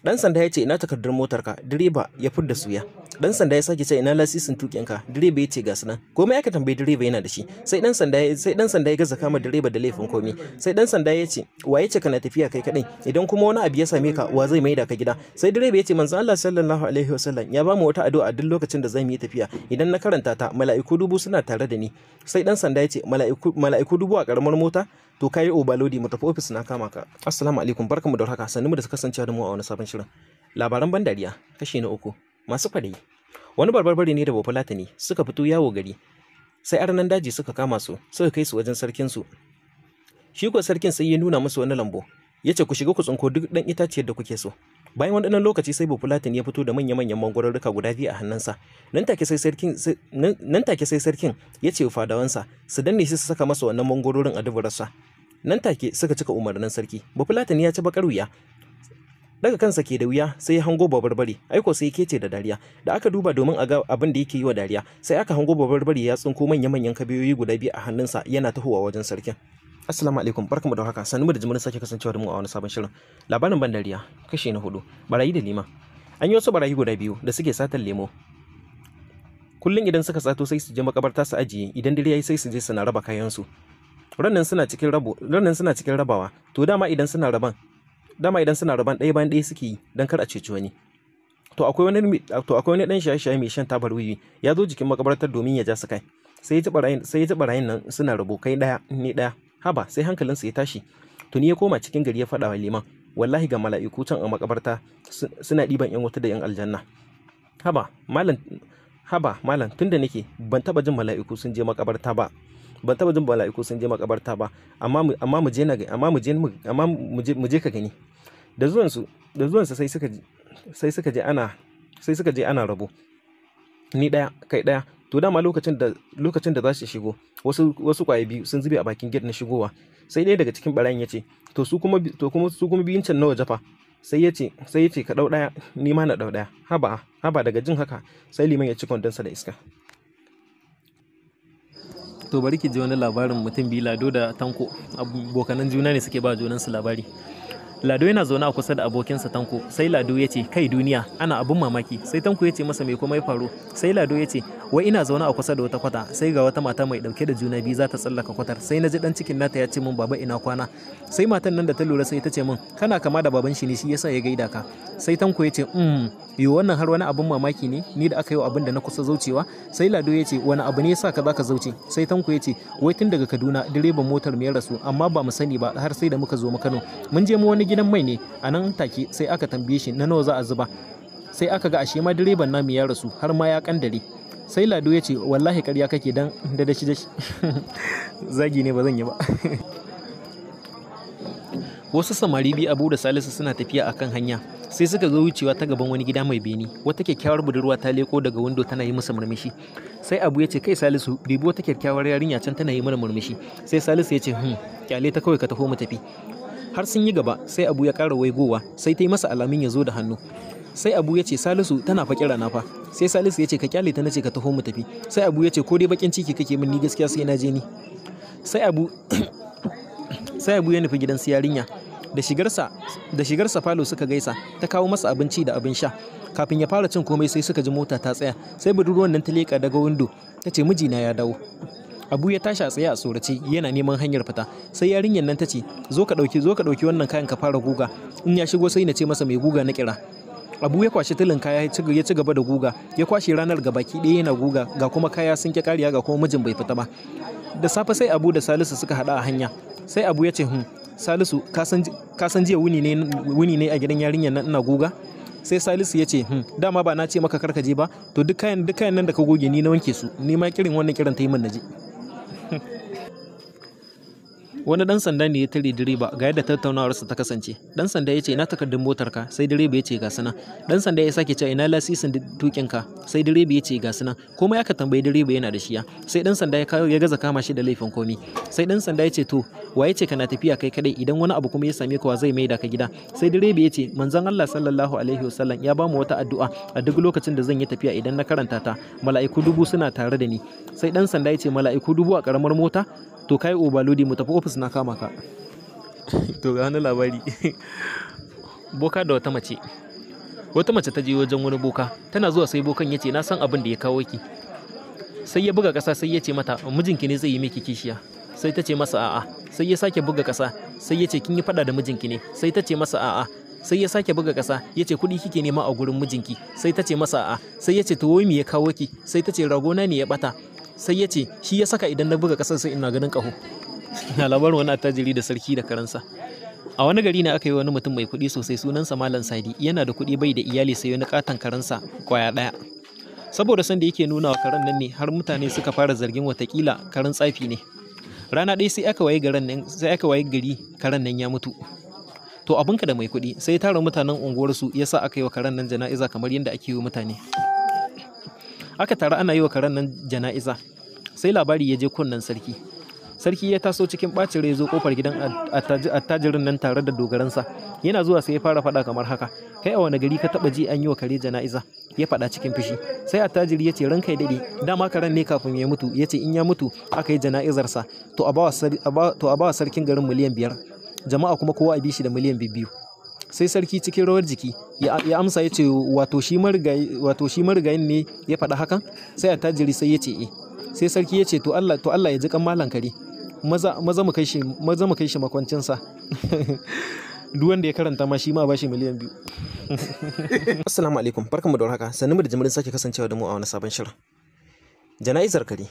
dan sanda ya ce ina takardar motarka direba ya fidda suya dan sanda ya sake ce ina lasisin tukin ka direba ya ce ga nan komai aka tambayi direba yana da shi sai dan sanda sai dan sanda ya gaza kama direba da laifin komai sai dan sanda ya ce wa ya ce kana tafiya kai kadai idan kuma wani abu ya same ka wa zai maida ka gida sai direba ya ce manzon Allah sallallahu alaihi wasallam ya bamu wata addu'a duk lokacin da zamu yi tafiya idan na karanta ta mala'iku dubu suna tare da ni sai dan sanda ya ce mala'iku mala'iku dubu a karamar mota to kai obalodi mu tafi office na kama ka assalamu alaikum barkamu da warhaka sanin mu da kasance da mu a wani sabon shirin labaran ban dariya kashi na uku masu kwaɗayi wani barbarbare ne da bafulata ne suka fito yawo gari sai arnan daji suka kama su suka kai su wajen sarkinsu shi ko sarkin sai ya nuna musu wani lambo ya ce ku shiga ku tsinko duk ɗan itaciyar da kuke so bayan wani ɗan lokaci sai bafulatin ya fito da manya-manyan mangwararruka guda biyu a hannunsa nan take sai sarkin ya ce fadawansa su danne shi su saka masa wannan mangwarorin a duburarsa nan take suka cika umarnin sarki bafulatani ya ci bakar wuya daga kansa ke da wuya sai ya hango bari aiko sai kece da dariya da aka duba domin a ga abin da yake yi wa dariya sai aka hango bari ya tsinko manya manyan kabiyoyi guda biyu a hannunsa yana tahowa wajen sarkin assalamu alaikum barkamu da haka sanu mu da jimin sake kasancewa da mu a wani sabon shirin labarin ban dariya kashi na hudu barayi da lima an yi wasu barayi guda biyu da suke satar lemo kullum idan suka sato sai su je makabarta su ajiye idan dare yayi sai su je suna raba kayansu rannan suna cikin rabo rannan suna cikin rabawa to dama idan suna raban dama idan suna raban ɗaya bayan ɗaya suke yi don kar a ceci wani to akwai wani to akwai wani dan shaye-shaye mai shan tabar wiwi ya zo jikin makabartar domin ya ja su kai sai ya ji rayin nan suna rabo kai ɗaya ni ɗaya haba sai hankalinsa ya tashi ni ya koma cikin gari ya faɗa wa liman wallahi ga mala'iku can a makabarta suna ɗiban yan wata da yan aljanna haba malam haba malam tunda nake ban taba jin mala'iku sun je makabarta ba ban taba jin bala'iku sun je makabarta ba amma amma mu je na amma mu je amma mu je ka gani da zuwan su da zuwan su sai suka sai suka je ana sai suka je ana rabo ni daya kai daya to dama lokacin da lokacin da za su shigo wasu wasu kwaye biyu sun zube a bakin gate na shigowa sai ɗaya daga cikin barayin ya ce to su kuma to kuma su kuma biyun can nawa jafa sai ya ce sai ya ce ka dau daya ni ma na dau daya haba haba daga jin haka sai liman ya ci kwandonsa da iska to bari ki ji wani labarin mutum biyu lado da tanko abokanan juna ne suke ba junansu labari lado yana zaune a kusa da abokinsa tanko sai lado ya ce kai duniya ana abin mamaki sai tanko ya ce masa mai kuma ya faru sai lado ya ce wai ina zaune a kusa da wata kwata sai ga wata mata mai dauke da juna biyu za ta tsallaka kwatar sai na ji dan cikin nata ya ce min baba ina kwana sai matan nan da ta lura sai ta ce min kana kama da baban shi ne shi yasa ya gaida ka sai tanko ya ce mm, yo wannan har wani abin mamaki ne ni da aka yi abin da na kusa zaucewa sai lado ya ce wani abu ne yasa ka zaka zauce sai tanko ya ce wai tun daga kaduna direban motar mu ya rasu amma ba mu sani ba har sai da muka zo mu kano mun je mu wani gidan mai ne a nan take sai aka tambaye shi na nawa za a zuba sai aka ga ashe ma direban namu ya rasu har ma ya kandare sai lado ya ce wallahi karya kake dan da dashi dashi zagi ne ba zan yi ba wasu samari biyu abu da salisu suna tafiya akan hanya sai suka zo wucewa ta gaban wani gida mai beni wata kyakkyawar budurwa ta leko daga wando tana yi masa murmushi sai abu ya ce kai salisu dubi wata kyakkyawar yarinya can tana yi mana murmushi sai salisu ya ce hmm kyale ta kawai ka taho mu tafi har sun yi gaba sai abu ya ƙara waigowa sai ta yi masa alamin ya zo da hannu sai abu ya ce salisu tana fa kira na fa sai salisu ya ce ka kyale ta nace ka taho mu tafi sai abu ya ce ko dai bakin ciki kake min ni gaskiya sai na je ni sai abu sai abu ya nufi gidan su yarinya da shigarsa da shigarsa falo suka gaisa ta kawo masa abinci da abin sha kafin ya fara cin komai sai suka ji mota ta tsaya sai budurwar nan ta leƙa daga windo ta ce mijina ya dawo abu ya tashi a tsaye a tsorace yana neman hanyar fita sai yarinyar nan ta ce zo ka ɗauki zo ka ɗauki wannan kayan ka fara guga in ya shigo sai na ce masa mai guga na kira abu ya kwashi tulin kaya ya ci gaba da guga ya kwashe ranar ga baki ɗaya yana guga ga kuma kaya sun ki kariya ga kuma mijin bai fita ba da safe sai abu da salisu suka hada a hanya sai abu ya ce hun hmm, salisu ka san jiya wuni ne a gidan yarinyar nan ina guga sai salisu ya ce hmm, dama ba na ce maka karka je ba to duk kayan nan da ka goge ni na wanke su ni ma kirin wannan kiran ta yi min naje wani dan sanda ne ya tare direba ga yadda tattaunawarsa ta kasance dan sanda ya ce ina takardun motarka sai direba ya ce ga suna dan sanda ya sake cewa ina lasisin tukin ka sai direba ya ce ga suna ya ka tambayi direba yana da shiya sai dan sanda ya ya gaza kama shi da laifin komi sai dan sanda ya ce to ya ce kana tafiya kai kadai idan wani abu kuma ya same ka zai da ka gida sai direba ya ce manzon Allah sallallahu alaihi wasallam ya ba bamu wata addu'a a duk lokacin da zan yi tafiya idan na karanta ta mala'iku dubu suna tare da ni sai dan sanda ya ce mala'iku dubu a karamar mota to kai obalodi mu tafi ofis na kama ka to ga wani labari boka da wata mace wata mace ta je wajen wani boka tana zuwa sai bokan ya ce na san abin da ya kawo ki sai ya buga ƙasa sai ya ce mata mijinki ne zai yi miki kishiya sai ta ce masa a'a sai ya sake buga ƙasa sai ya ce kin yi fada da mijinki ne sai ta ce masa a'a sai ya sake buga ƙasa ya ce kuɗi kike nema a gurin mijinki sai ta ce masa a'a sai ya ce to wai me ya kawo ki sai ta ce ragona ne ya bata sai ya ce shi ya saka idan na buga kasa sai ina ganin ƙaho na labarin wani attajiri da sarki da karansa a wani gari ne aka yi wani mutum mai kuɗi sosai sunansa malam sadi yana da kuɗi bai da iyali sai wani katon karansa kwaya ɗaya saboda son da yake nuna wa karen nan ne har mutane suka fara zargin watakila karen tsafi ne rana ɗaya sai aka waye garin sai aka waye gari karen nan ya mutu to abinka da mai kuɗi sai tara mutanen unguwarsu ya sa aka yi wa karen nan jana'iza kamar yadda ake yi wa mutane aka tara ana yi wa karen nan jana'iza sai labari ya je kunnen sarki sarki ya taso cikin ɓacin rai zo kofar gidan attajirin nan tare da dogaransa yana zuwa sai ya fara faɗa kamar haka kai a wani gari ka taɓa ji an yi wa kare jana'iza ya faɗa cikin fushi sai attajiri ya ce ranka ya daɗe dama karan ne kafin ya mutu ya ce in ya mutu aka yi jana'izarsa to a ba wa sarkin garin miliyan biyar jama'a kuma kowa a bi shi da miliyan biyu sai sarki cikin rawar jiki ya amsa ya ce wato shi marigayin ne ya faɗa hakan sai attajiri sai ya ce eh sai sarki ya ce to Allah to Allah ya ji kan malan kare maza mu kai shi maza mu kai shi sa duk wanda ya karanta ma shi ma ba shi miliyan biyu assalamu alaikum barkanmu da warhaka sannu mu da jimirin sake kasancewa da mu a wani sabon shirin jana'izar kare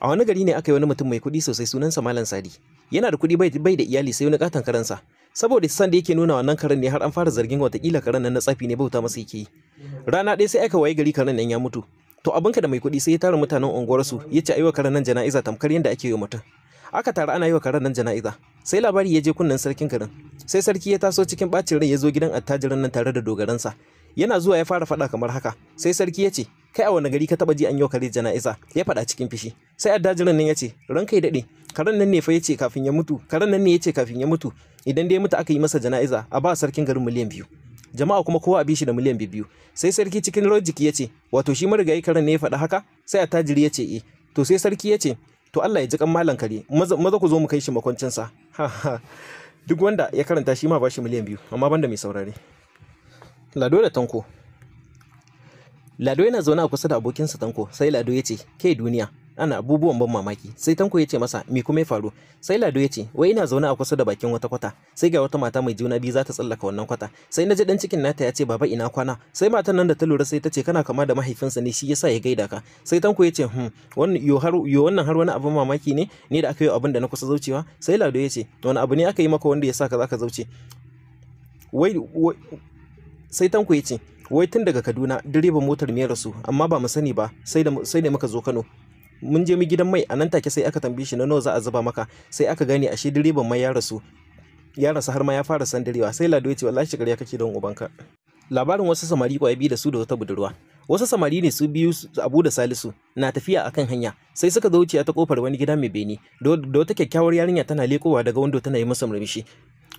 a wani gari ne aka yi wani mutum mai kuɗi sosai sunansa malam sadi yana da kuɗi bai da iyali sai wani katon karansa saboda san da yake nuna wannan karen ne har an fara zargin watakila karen nan na tsafi ne bauta masa yake yi rana ɗaya sai aka waye gari karen nan ya mutu to abinka da mai kuɗi sai ya tara mutanen unguwarsu ya ce aiwa karan nan jana'iza tamkar yadda ake yi mutum aka tara ana yi wa karen nan jana'iza sai labari ya je kunnen sarkin garin sai sarki ya taso cikin bacin rai ya zo gidan attajirin nan tare da dogaransa yana zuwa ya fara faɗa kamar haka sai sarki ya ce kai a wani gari ka taba ji an yau kare jana'iza ya faɗa cikin fishi sai attajirin nan ya ce Ran kai daɗe karen nan ne fa ya ce kafin ya mutu karen nan ne ya ce kafin ya mutu idan dai mutu aka yi masa jana'iza a ba sarkin garin miliyan biyu jama'a kuma kowa a bi da miliyan biyu sai sarki cikin rojiki ya ce wato shi marigayi karen ne ya faɗa haka sai attajiri ya ce eh to sai sarki ya ce to Allah ya ji kan malam kare maza ku zo mu kai shi sa duk wanda ya karanta shi ma ba shi miliyan biyu amma banda mai saurare lado da tanko lado yana zaune a kusa da abokinsa tanko sai lado ya ce ke duniya ana abubuwan ban mamaki sai tanko ya ce masa me kuma ya faru sai lado ya ce wai ina zaune a kusa da bakin wata kwata sai ga wata mata mai juna biyu za ta tsallaka wannan kwata sai na ji dan cikin nata ya ce baba ina kwana sai matan nan da ta lura sai ta ce kana kama da mahaifinsa ne shi yasa ya gaida ka sai tanko ya ce hmm wannan yo har yo wannan har wani abin mamaki ne ne da aka yi abin da na kusa zaucewa sai lado ya ce wani abu ne aka yi maka wanda ya sa ka zaka zauce wai sai tanko ya ce wai tun daga kaduna direban motar me rasu amma ba mu sani ba sai da muka zo kano mun je mu gidan mai a nan take sai aka tambaye shi na nawa za a zuba maka sai aka gane ashe direban mai ya rasu ya rasu har ma ya fara san sandarewa sai lado ya ce wallahi shigar ya kake don ubanka labarin wasu samari kwaya biyu da su da wata budurwa wasu samari ne su biyu abu da salisu na tafiya akan hanya sai suka zo wuciya ta kofar wani gida mai beni da wata kyakkyawar yarinya tana lekowa daga wando tana yi masa murmushi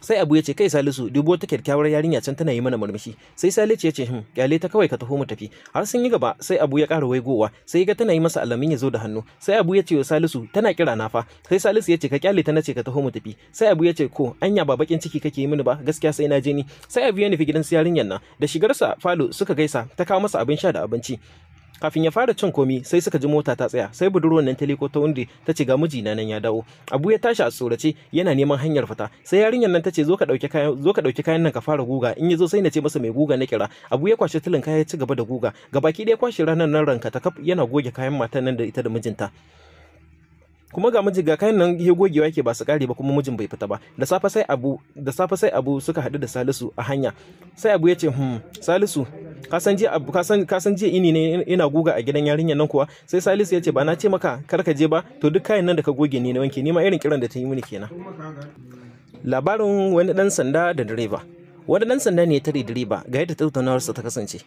sai abu ya ce kai salisu dubo ta kyakkyawar yarinya can tana yi mana murmushi sai salisu ya ce hin hmm, kyale ta kawai ka taho mu tafi har sun yi gaba sai abu ya ƙara waigowa sai ga tana yi masa alamin ya zo da hannu sai abu ya ce wa salisu tana kira na fa sai salisu ya ce ka kyale ta nace ka taho mu tafi sai abu ya ce ko anya ba bakin ciki kake yi mini ba gaskiya sai na je ni sai abu ya nufi gidan su yarinyar nan da shigarsa falo suka gaisa ta kawo masa abin sha da abinci kafin ya fara cin komi sai suka ji mota ta tsaya sai budurwar nan ta liko ta wunde ta ce ga miji na nan ya dawo abu ya tashi a tsorace yana neman hanyar fita sai yarinyar nan ta ce zo ka dauki kayan zo ka dauki kayan nan ka fara guga in ya zo sai na ce masa mai guga na kira abu ya kwashe tulin kaya ya ci gaba da guga gabaki ɗaya kwashe ranar nan ranka ta kaf yana goge kayan matan nan da ita da mijinta kuma ga miji ga kayan nan ya gogewa yake ba su kare ba kuma mijin bai fita ba da safe sai abu da safe sai abu suka hadu da Salisu a hanya sai abu ya ce hmm Salisu ka san jiya ka san ini ne ina guga a gidan yarinyar nan kuwa sai Salisu ya ce ba na ce maka kar ka je ba to duk kayan nan da ka goge ni na wanke ni ma irin kiran da ta yi mini kenan labarin wani dan sanda da direba wani dan sanda ne ya tare direba ga yadda tattaunawar sa ta kasance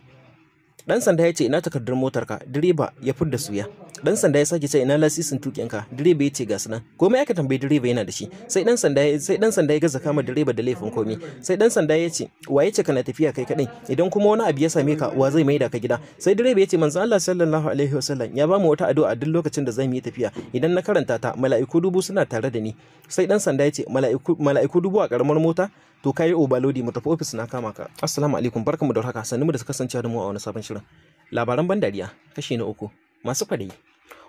dan sanda ya ce ina takardar ka direba ya fidda suya dan sanda ya sake ce ina lasisin tukin ka direba ya ce gasu nan komai aka tambayi direba yana da shi sai dan sanda sai dan sanda ya gaza kama direba da laifin komai sai dan sanda ya ce ya ce kana tafiya kai kadai idan kuma wani abu ya same ka wa zai maida ka gida sai direba ya ce manzo Allah sallallahu alaihi wasallam ya ba mu wata addu'a duk lokacin da zamu yi tafiya idan na karanta ta mala'iku dubu suna tare da ni sai dan sanda ya ce mala'iku dubu a karamar mota to kai obalodi mu tafi office na kama ka assalamu alaikum barkamu da haka sannu mu da kasance da mu a wani sabon shirin labaran ban dariya kashi na uku masu fadi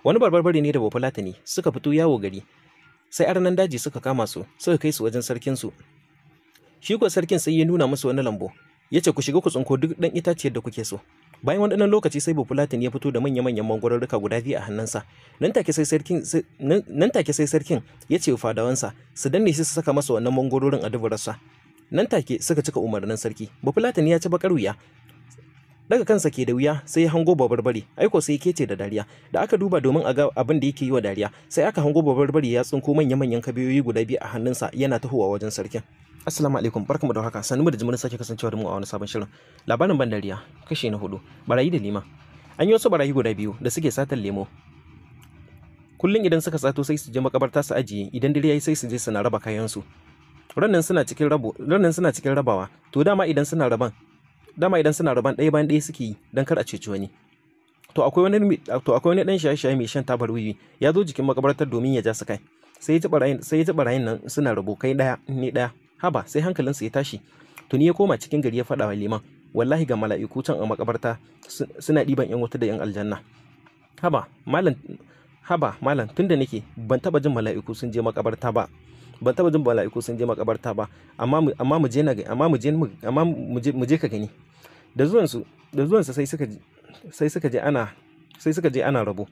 wani barbarbare ne da bafulatani suka fito yawo gari sai arnan daji suka kama su suka kai su wajen sarkin su shi ko sarkin sai ya nuna musu wani lambo yace ku shiga ku tsinko duk dan itaciyar da kuke so bayan wani dan lokaci sai bafulatin ya fito da manya-manyan mangwararruka guda biyu a hannunsa nan take sai sarkin nan take sai sarkin ya ce fadawansa su danne shi su saka masa wannan mangwarorin a dubararsa. nan take suka cika umarnin sarki bafulatani ya ci bakar wuya daga kansa ke da wuya sai ya hango babarbare aiko sai kece da dariya da aka duba domin a ga abin da yake yi wa dariya sai aka hango bari ya tsinko manya manyan kabiyoyi guda biyu a hannunsa yana tahowa wajen sarkin assalamu alaikum barkamu da haka sanmu da jimin sake kasancewa da mu a wani sabon shirin labarin ban dariya kashi na hudu barayi da lima an yi wasu barayi guda biyu da suke satar lemo kullum idan suka sato sai su je makabarta su ajiye idan dare yayi sai su je suna raba kayansu rannan suna cikin rabo rannan suna cikin rabawa to dama idan suna raban dama idan suna raban ɗaya bayan ɗaya suke yi don kar a ceci wani to akwai wani to akwai wani dan shaye-shaye mai shan tabar wiwi ya zo jikin makabartar domin ya ja su kai sai ya rayin sai ya rayin nan suna rabo kai daya ni daya haba sai hankalinsa ya tashi to ni ya koma cikin gari ya fada wa liman wallahi ga mala'iku can a makabarta suna ɗiban yan wata da yan aljanna haba malam haba malam tunda nake ban taba jin mala'iku sun je makabarta ba ban taba jin bala'iku sun je makabarta ba amma amma mu je na amma mu je amma mu je ka gani da zuwan su da zuwan su sai suka sai suka je ana sai suka je ana rabo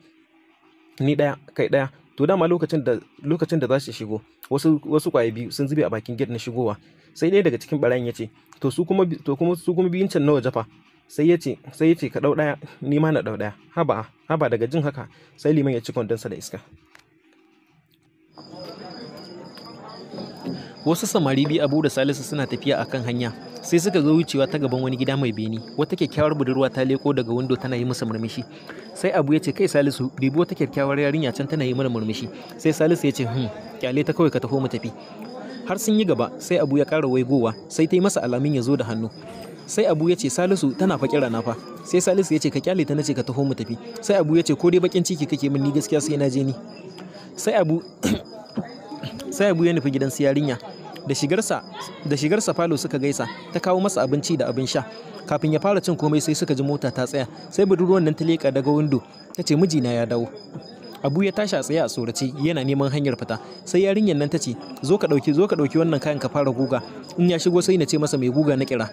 ni daya kai daya to dama lokacin da lokacin da za su shigo wasu wasu kwaye biyu sun zube a bakin gate na shigowa sai ɗaya daga cikin barayin ya ce to su kuma to kuma su kuma biyun can nawa jafa sai yace sai yace ka dau daya ni ma na dau daya haba haba daga jin haka sai liman ya ci kwandonsa da iska wasu samari biyu abu da salisu suna tafiya akan hanya sai suka ga wucewa ta gaban wani gida mai beni wata kyakkyawar budurwa ta leko daga wando tana yi musu murmushi sai abu ya ce kai salisu dubi wata kyakkyawar yarinya can tana yi mana murmushi sai salisu ya ce hmm kyale ta kawai ka taho mu tafi har sun yi gaba sai abu ya ƙara waigowa sai ta yi masa alamin ya zo da hannu sai abu ya ce salisu tana fa kira na fa sai salisu ya ce ka kyale ta nace ka taho mu tafi sai abu ya ce ko dai bakin ciki kake min ni gaskiya sai na je ni sai abu sai abu ya nufi gidan su yarinya da shigarsa da shigarsa falo suka gaisa ta kawo masa abinci da abin sha kafin ya fara cin komai sai suka ji mota ta tsaya sai budurwan nan ta leƙa daga windo ta ce mijina ya dawo abu ya tashi a tsaye a tsorace yana neman hanyar fita sai yarinyar nan ta ce zo ka ɗauki zo ka ɗauki wannan kayan ka fara guga in ya shigo sai na ce masa mai guga na kira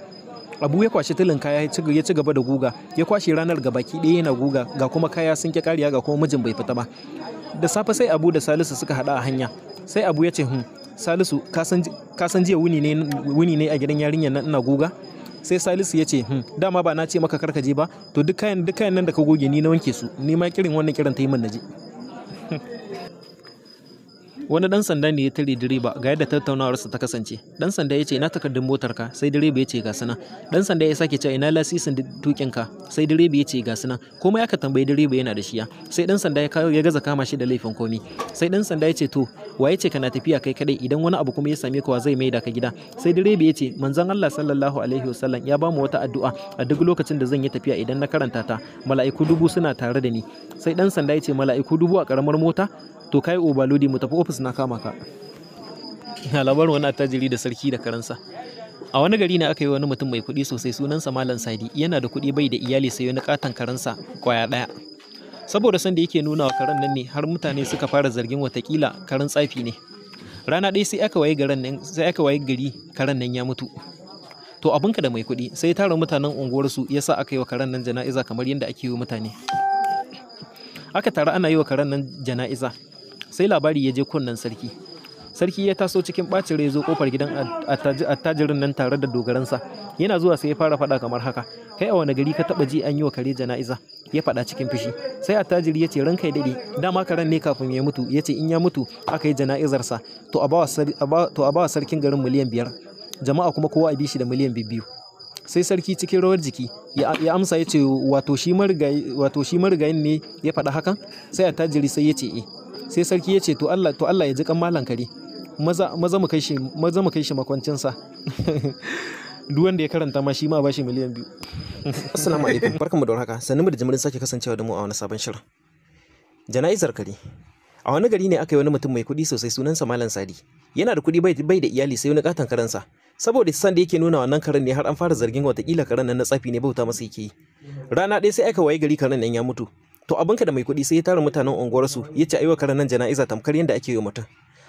abu ya kwashe tulin kaya ya ci gaba da guga ya kwashe ranar baki ɗaya yana guga ga kuma kaya sun ki kariya ga kuma mijin bai fita ba da safe sai abu da salisu suka haɗa a hanya sai abu ya ce hun hmm, salisu kasan jiya wuni ne a gidan yarinyar nan ina guga sai salisu ya ce hmm, dama ba na ce maka karka je ba to duk kayan nan da ka goge ni na wanke su ni ma kirin wannan kiran ta yi min naje wani dan sanda ne ya tare direba ga yadda tattaunawarsa ta kasance dan sanda ya ce ina takardun ka sai direba ya ce ga suna dan sanda ya sake cewa ina lasisin ka sai direba ya ce ga suna komai aka tambayi direba yana da shiya sai dan sanda ya gaza kama shi da laifin komi sai dan sanda ya ce to wa ya ce kana tafiya kai kadai idan wani abu kuma ya same ka zai maida ka gida sai direba ya ce manzon Allah sallallahu alaihi wasallam ya ba mu wata addu'a a duk lokacin da zan yi tafiya idan na karanta ta mala'iku dubu suna tare da ni sai dan sanda ya ce mala'iku dubu a karamar mota to kai overloading mu tafi ofis na kama ka na labarin wani attajiri da sarki da karansa a wani gari ne aka yi wani mutum mai kuɗi sosai sunansa malam sadi yana da kuɗi bai da iyali sai wani katon karansa kwaya ɗaya saboda sanda da yake nuna wa karen nan ne har mutane suka fara zargin watakila karen tsafi ne rana ɗaya sai aka waye garin nan sai aka waye gari karen nan ya mutu to abinka da mai kuɗi sai tara mutanen unguwarsu yasa aka yi wa karen nan jana'iza kamar yadda ake yi wa mutane aka tara ana yi wa karen nan jana'iza sai labari ya je kunnen sarki sarki ya taso cikin ɓacin rai zo kofar gidan attajirin nan tare da dogaransa yana zuwa sai ya fara faɗa kamar haka kai a wani gari ka taɓa ji an yi wa kare jana'iza ya faɗa cikin fushi sai attajiri ya ce ranka ya daɗe dama karen ne kafin ya mutu ya ce in ya mutu aka yi jana'izarsa to a bawa sarkin garin miliyan biyar jama'a kuma kowa a bi shi da miliyan biyu sai sarki cikin rawar jiki ya amsa ya ce wato shi marigayin ne ya faɗa hakan sai attajiri sai ya ce eh sai sarki ya ce to Allah to Allah ya ji kan kare maza maza mu kai shi maza mu kai shi makwancin sa duk wanda ya karanta ma shi ma bashi miliyan biyu assalamu alaikum barkamu da warhaka sannu mu da jimirin sake kasancewa da mu a wani sabon shirin jana'izar kare a wani gari ne aka yi wani mutum mai kuɗi sosai sunansa malam sadi yana da kuɗi bai da iyali sai wani katon karansa saboda san da yake nuna wannan karen ne har an fara zargin watakila karen nan na tsafi ne bauta masa yake yi rana ɗaya sai aka waye gari karen nan ya mutu to abin ka da mai kuɗi sai ya tara mutanen unguwarsu ya ce aiwa karen nan jana'iza tamkar yadda ake yi mutum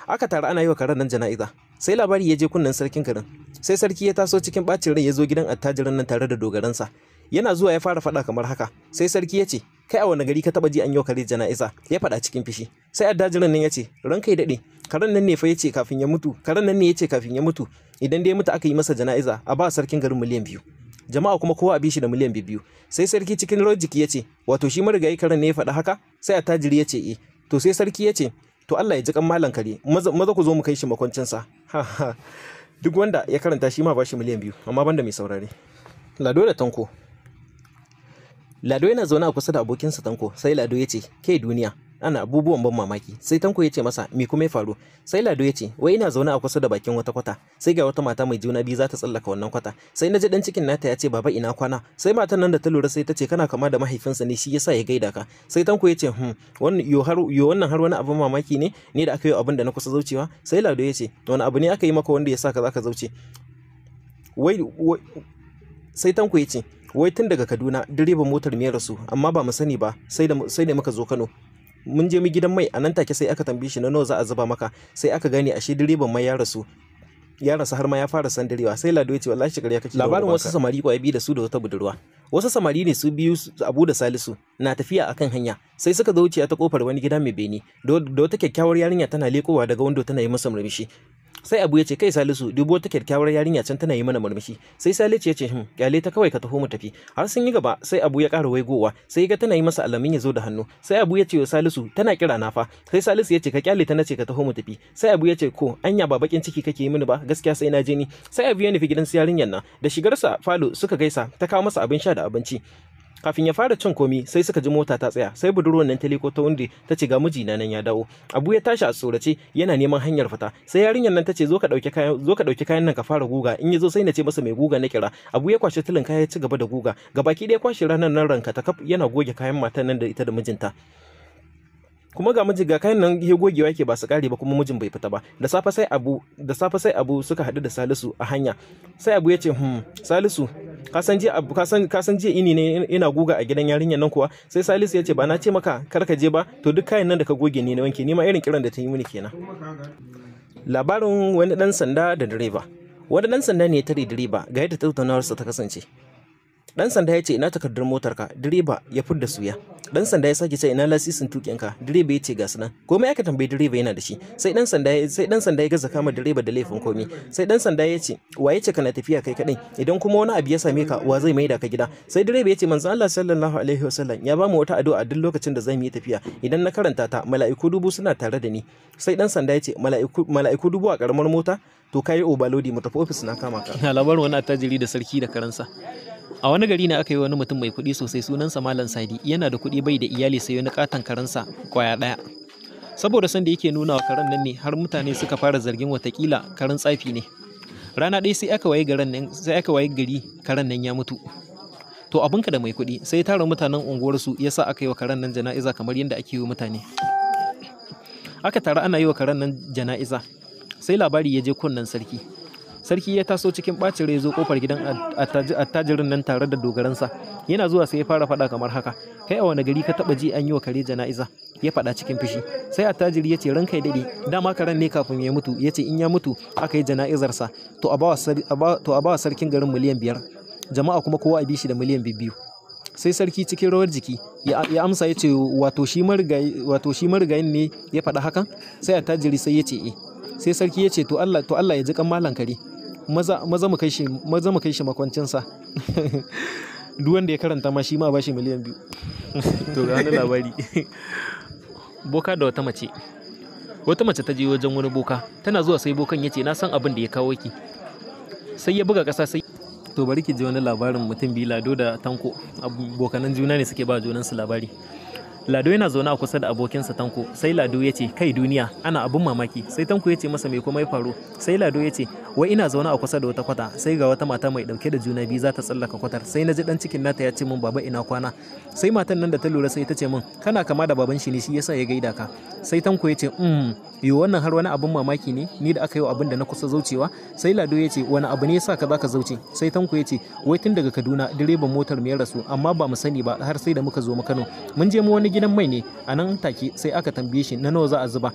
aka tara ana yi nan jana'iza sai labari ya je kunnen sarkin garin sai sarki ya taso cikin bacin rai ya zo gidan attajirin nan tare da dogaransa yana zuwa ya fara faɗa kamar haka sai sarki ya ce kai a wani gari ka taɓa ji an yau kare jana'iza ya faɗa cikin fishi sai attajirin nan ya ce ranka ya daɗe karen nan ne fa ya ce kafin ya mutu karen nan ne ya ce kafin ya mutu idan dai mutu aka yi masa jana'iza a ba sarkin garin miliyan biyu jama'a kuma kowa a bi shi da miliyan biyu sai sarki cikin logic ya ce wato shi marigayi karan ne ya faɗa haka sai attajiri ya ce eh to sai sarki ya ce to Allah ya ji kan malan kare maza ku zo mu kai shi makwancinsa duk wanda ya karanta shi ma ba shi miliyan biyu amma banda mai saurare lado da tanko lado yana zaune a kusa da abokinsa tanko sai lado ya ce ke duniya ana abubuwan ban mamaki sai tanko ya ce masa me kuma ya faru sai lado ya ce wai ina zaune a kusa da bakin wata kwata sai ga wata mata mai juna biyu za ta tsallaka wannan kwata sai na ji dan cikin nata ya ce baba ina kwana sai matan nan da ta lura sai ta ce kana kama da mahaifinsa ne shi yasa ya gaida ka sai tanko ya ce hmm wannan yo har yo wannan har wani abin mamaki ne ne da aka yi abin da na kusa zaucewa sai lado ya ce wani abu ne aka yi maka wanda yasa ka zaka zauce wai sai tanko ya ce wai tun daga kaduna direban motar me rasu amma ba mu sani ba sai da muka zo kano mun je mu gidan mai a nan take sai aka tambaye shi na nawa za a zuba maka sai aka gane ashe direban mai ya rasu rasu har ma ya fara sandarewa sai lado ya ce wallahi shigar ya kake labarin wasu samari ya biyu da su da wata budurwa wasu samari ne su biyu abu da salisu na tafiya akan hanya sai suka zo wuce ta kofar wani gida mai beni da wata kyakkyawar yarinya tana lekowa daga wando tana yi masa murmushi sai abu ya ce kai salisu dubu ta kyakkyawar yarinya can tana yi mana murmushi sai salisu ya ce him kyale ta kawai ka taho mu tafi har sun yi gaba sai abu ya ƙara waigowa sai ga tana yi masa alamin ya zo da hannu sai abu ya ce wa salisu tana kira na fa sai salisu ya ce ka kyale ta nace ka taho mu tafi sai abu ya ce ko anya ba bakin ciki kake yi mini ba gaskiya sai na je ni sai abu ya nufi gidan su yarinyar nan da shigarsa falo suka gaisa ta kawo masa abin sha da abinci kafin ya fara cin komi sai suka ji mota ta tsaya sai budurwar nan ta liko ta wunde ta ce ga mijina nan ya dawo abu ya tashi a tsorace yana neman hanyar fita sai yarinyar nan ta ce zo ka dauki kayan nan ka fara guga in ya zo sai na ce masa mai guga na kira abu ya kwashe tulin kaya ya ci gaba da guga gabaki ɗaya kwashe ranar nan ranka ta yana goge kayan matan nan da ita da mijinta kuma ga miji ga kayan nan ya gogewa yake ba su kare ba kuma mijin bai fita ba da safe sai abu da safe sai abu suka hadu da Salisu a hanya sai abu ya ce hmm Salisu kasan jiya kasan ini ne ina guga a gidan yarinyar nan kuwa sai salisu ya ce ba na ce maka kar ka je ba to duk kayan nan da ka goge ni na wanke ni ma irin kiran da ta yi mini kenan labarin wani dan sanda da direba wani dan sanda ne ya tare direba ga yadda tattaunawarsa ta kasance dan sanda ya ce ina takardar ka direba ya fudda suya dan sanda ya sake ce ina lasisin tukin ka direba ya ce ga sunan komai aka tambayi direba yana da shi sai dan sanda sai dan sanda ya gaza kama direba da laifin komai sai dan sanda ya ce waye ce kana tafiya kai kadai idan kuma wani abu ya same ka wa zai maida ka gida sai direba ya ce manzo Allah sallallahu alaihi wasallam ya ba mu wata addu'a duk lokacin da zamu yi tafiya idan na karanta ta mala'iku dubu suna tare da ni sai dan sanda ya ce mala'iku mala'iku dubu a karamar mota to kai obalodi mu tafi office na kama ka labarin wani attajiri da sarki da karansa a wani gari ne aka yi wani mutum mai kuɗi sosai sunansa malam sadi yana da kuɗi bai da iyali sai wani katon karansa kwaya ɗaya saboda son da yake nuna wa karen nan ne har mutane suka fara zargin watakila karen tsafi ne rana ɗaya sai aka waye garin sai aka waye gari karen nan ya mutu to abinka da mai kuɗi sai tara mutanen unguwarsu ya sa aka yi wa karen nan jana'iza kamar yadda ake yi wa mutane aka tara ana yi wa karen nan jana'iza sai labari ya je kunnen sarki sarki ya taso cikin ɓacin rai zo kofar gidan attajirin nan tare da dogaransa yana zuwa sai ya fara faɗa kamar haka kai a wani gari ka taɓa ji an yi wa kare jana'iza ya faɗa cikin fushi sai attajiri ya ce ranka ya daɗe dama karen ne kafin ya mutu ya ce in ya mutu aka yi jana'izarsa to a bawa sarkin garin miliyan biyar jama'a kuma kowa a bi shi da miliyan biyu sai sarki cikin rawar jiki ya amsa ya ce wato shi marigayin ne ya faɗa hakan sai attajiri sai ya ce eh. sai sarki ya ce Allah to Allah ya ji kan malan kare maza mu kai shi maza mu kai shi makwancinsa duk wanda ya karanta ma shi ma ba shi miliyan biyu to ga wani labari boka da wata mace wata mace ta je wajen wani boka tana zuwa sai bokan ya ce na san abin da ya kawo ki sai ya buga ƙasa sai to bari ki ji wani labarin mutum biyu lado da tanko abokanan juna ne suke ba junansu labari lado yana zaune a kusa da abokinsa tanko sai lado ya ce kai duniya ana abin mamaki sai tanko ya ce masa me kuma ya faru sai lado ya ce wai ina zaune a kusa da wata kwata sai ga wata mata mai dauke da juna biyu za ta tsallaka kwatar sai na ji dan cikin nata ya ce min baba ina kwana sai matan nan da ta lura sai ta ce min kana kama da baban shi ne shi yasa ya gaida ka sai tanko ya ce um yo wannan har wani abun mamaki ne ni da aka yi abin da na kusa zaucewa sai lado ya ce wani abu ne yasa ka zaka zauce sai tanko ya ce wai tun daga Kaduna direban motar mu ya rasu amma ba mu sani ba har sai da muka zo mu Kano mun je mu wani gidan mai ne a nan take sai aka tambaye shi na nawa za a zuba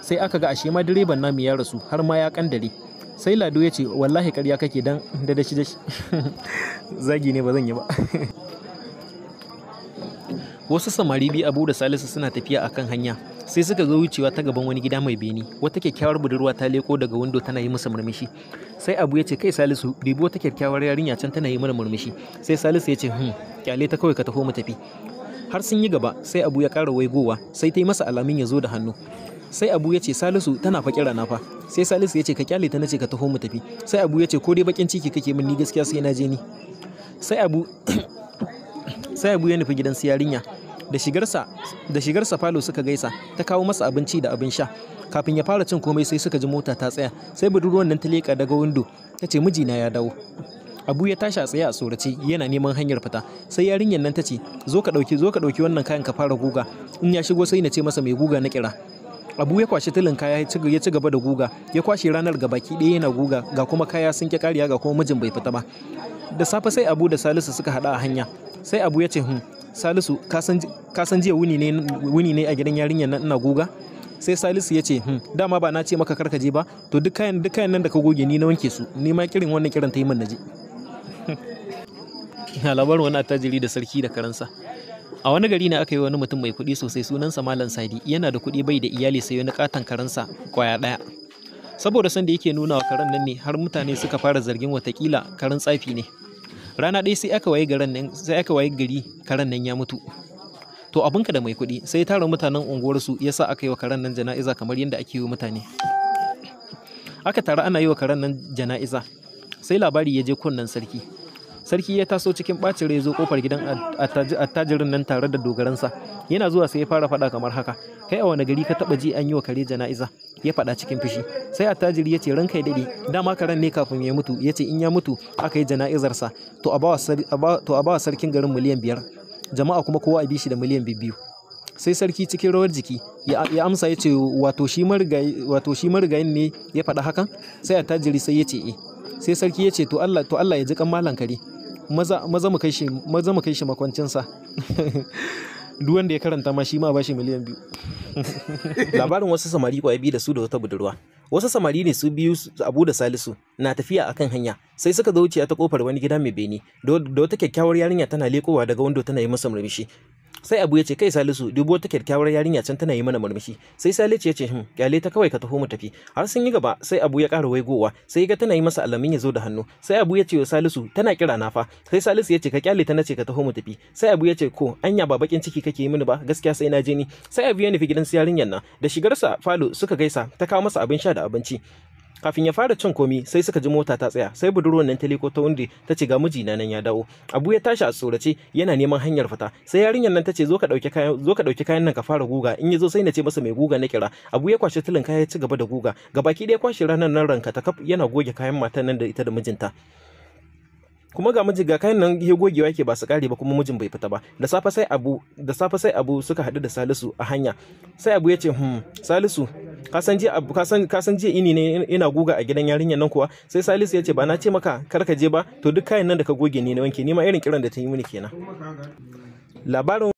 sai aka ga ashe ma direban namu ya rasu har ma ya kandare sai lado ya ce wallahi karya kake dan da dashi dashi zagi ne ba zan yi ba wasu samari biyu abu da salisu suna tafiya a kan hanya sai suka zo wucewa ta gaban wani gida mai beni wata kyakkyawar budurwa ta leko daga wando tana yi musu murmushi sai abu ya ce kai salisu ribi wata kyakkyawar yarinya can tana yi mana murmushi sai salisu ya ce hmm kyale ta kawai ka taho mu tafi har sun yi gaba sai abu ya ƙara waigowa sai ta yi masa alamin ya zo da hannu sai abu ya ce salisu tana fa kira na fa sai salisu ya ce ka kyale ta nace ka taho mu tafi sai abu ya ce ko dai bakin ciki kake min ni gaskiya sai na je ni sai abu sai abu ya nufi gidan su yarinya da shigarsa da shigarsa falo suka gaisa ta kawo masa abinci da abin sha kafin ya fara cin komai sai suka ji mota ta tsaya sai budurwan nan ta leka daga windo ta ce mijina ya dawo abu ya tashi a tsaye a tsorace yana neman hanyar fita sai yarinyar nan ta ce zo ka dauki zo ka dauki wannan kayan ka fara guga in ya shigo sai na ce masa mai guga na kira abu ya kwashe tilin kaya ya ci gaba da guga ya kwashe ranar ga baki ɗaya yana guga ga kuma kaya sun ki kariya ga kuma mijin bai fita ba da safe sai abu da salisu suka hada a hanya sai abu ya ce hun hmm, salisu ka san jiya wuni ne a gidan yarinyar nan ina guga sai salisu ya ce hmm, dama ba na ce maka kar ka je ba to duk kayan duk kayan nan da ka goge ni na wanke su ni ma kirin wannan kiran ta yi min naji labarin wani attajiri da sarki da karansa a wani gari ne aka yi wani mutum mai kuɗi sosai sunansa malam sadi yana da kuɗi bai da iyali sai wani katon karansa kwaya ɗaya saboda son da yake nuna wa karen nan ne har mutane suka fara zargin watakila karen tsafi ne rana ɗaya sai aka waye garin nan sai aka waye gari karen nan ya mutu to abinka da mai kuɗi sai tara mutanen unguwar su yasa aka yi wa karen nan jana'iza kamar yadda ake yi mutane aka tara ana yi wa karen nan jana'iza sai labari ya je kunnen sarki sarki ya taso cikin bacin rai zo kofar gidan attajirin nan tare da dogaransa yana zuwa sai ya fara faɗa kamar haka kai a wani gari ka taɓa ji an yi wa kare jana'iza ya faɗa cikin fushi sai attajiri ya ce ranka ya daɗe dama karen ne kafin ya mutu ya ce in ya mutu aka yi jana'izarsa to a bawa sarkin garin miliyan biyar jama'a kuma kowa a bi shi da miliyan biyu sai sarki cikin rawar jiki ya amsa ya ce wato shi marigayin ne ya faɗa hakan sai attajiri sai ya ce eh sai sarki ya ce to Allah to Allah ya ji kan malan kare maza mu kai shi maza mu kai shi makwancinsa duk wanda ya karanta ma shi ma bashi miliyan biyu labarin wasu samari kwaya biyu da su da wata budurwa wasu samari ne su biyu abu da salisu na tafiya akan hanya sai suka zo wuce ta kofar wani gida mai bene da wata kyakkyawar yarinya tana lekowa daga wando tana yi masa murmushi sai abu ya ce kai salisu dubu ta kyakkyawar yarinya can tana yi mana murmushi sai salisu ya ce hmm kyale ta kawai ka taho mu tafi har sun yi gaba sai abu ya ƙara waigowa sai ga tana yi masa alamin ya zo da hannu sai abu ya ce salisu tana kira na fa sai salisu ya ce ka kyale ta nace ka taho mu tafi sai abu ya ce ko anya ba bakin ciki kake yi mini ba gaskiya sai na je ni sai abu ya nufi gidan su yarinyar nan da shigarsa falo suka gaisa ta kawo masa abin sha da abinci kafin ya fara cin komi sai suka ji mota ta tsaya sai budurwar nan ta liko ta wunde ta ce ga mijina nan ya dawo abu ya tashi a tsorace yana neman hanyar fita sai yarinyar nan ta ce zo ka dauki kayan zo ka dauki kayan nan ka fara guga in ya zo sai na ce masa mai guga na kira abu ya kwashe tulin kaya ya ci gaba da guga gabaki ɗaya kwashe ranar nan ranka ta kaf yana goge kayan matan nan da ita da mijinta kuma ga miji ga kayan nan ya gogewa yake ba su kare ba kuma mijin bai fita ba da safe sai abu da safa sai abu suka hadu da salisu a hanya sai abu ya ce hmm salisu ka san je abu ka san je ini ne ina guga a gidan yarinyar nan kuwa sai salisu ya ce ba na ce maka kar ka je ba to duk kayan nan da ka goge ne na wanke ni ma irin kiran da ta yi mini kenan labarin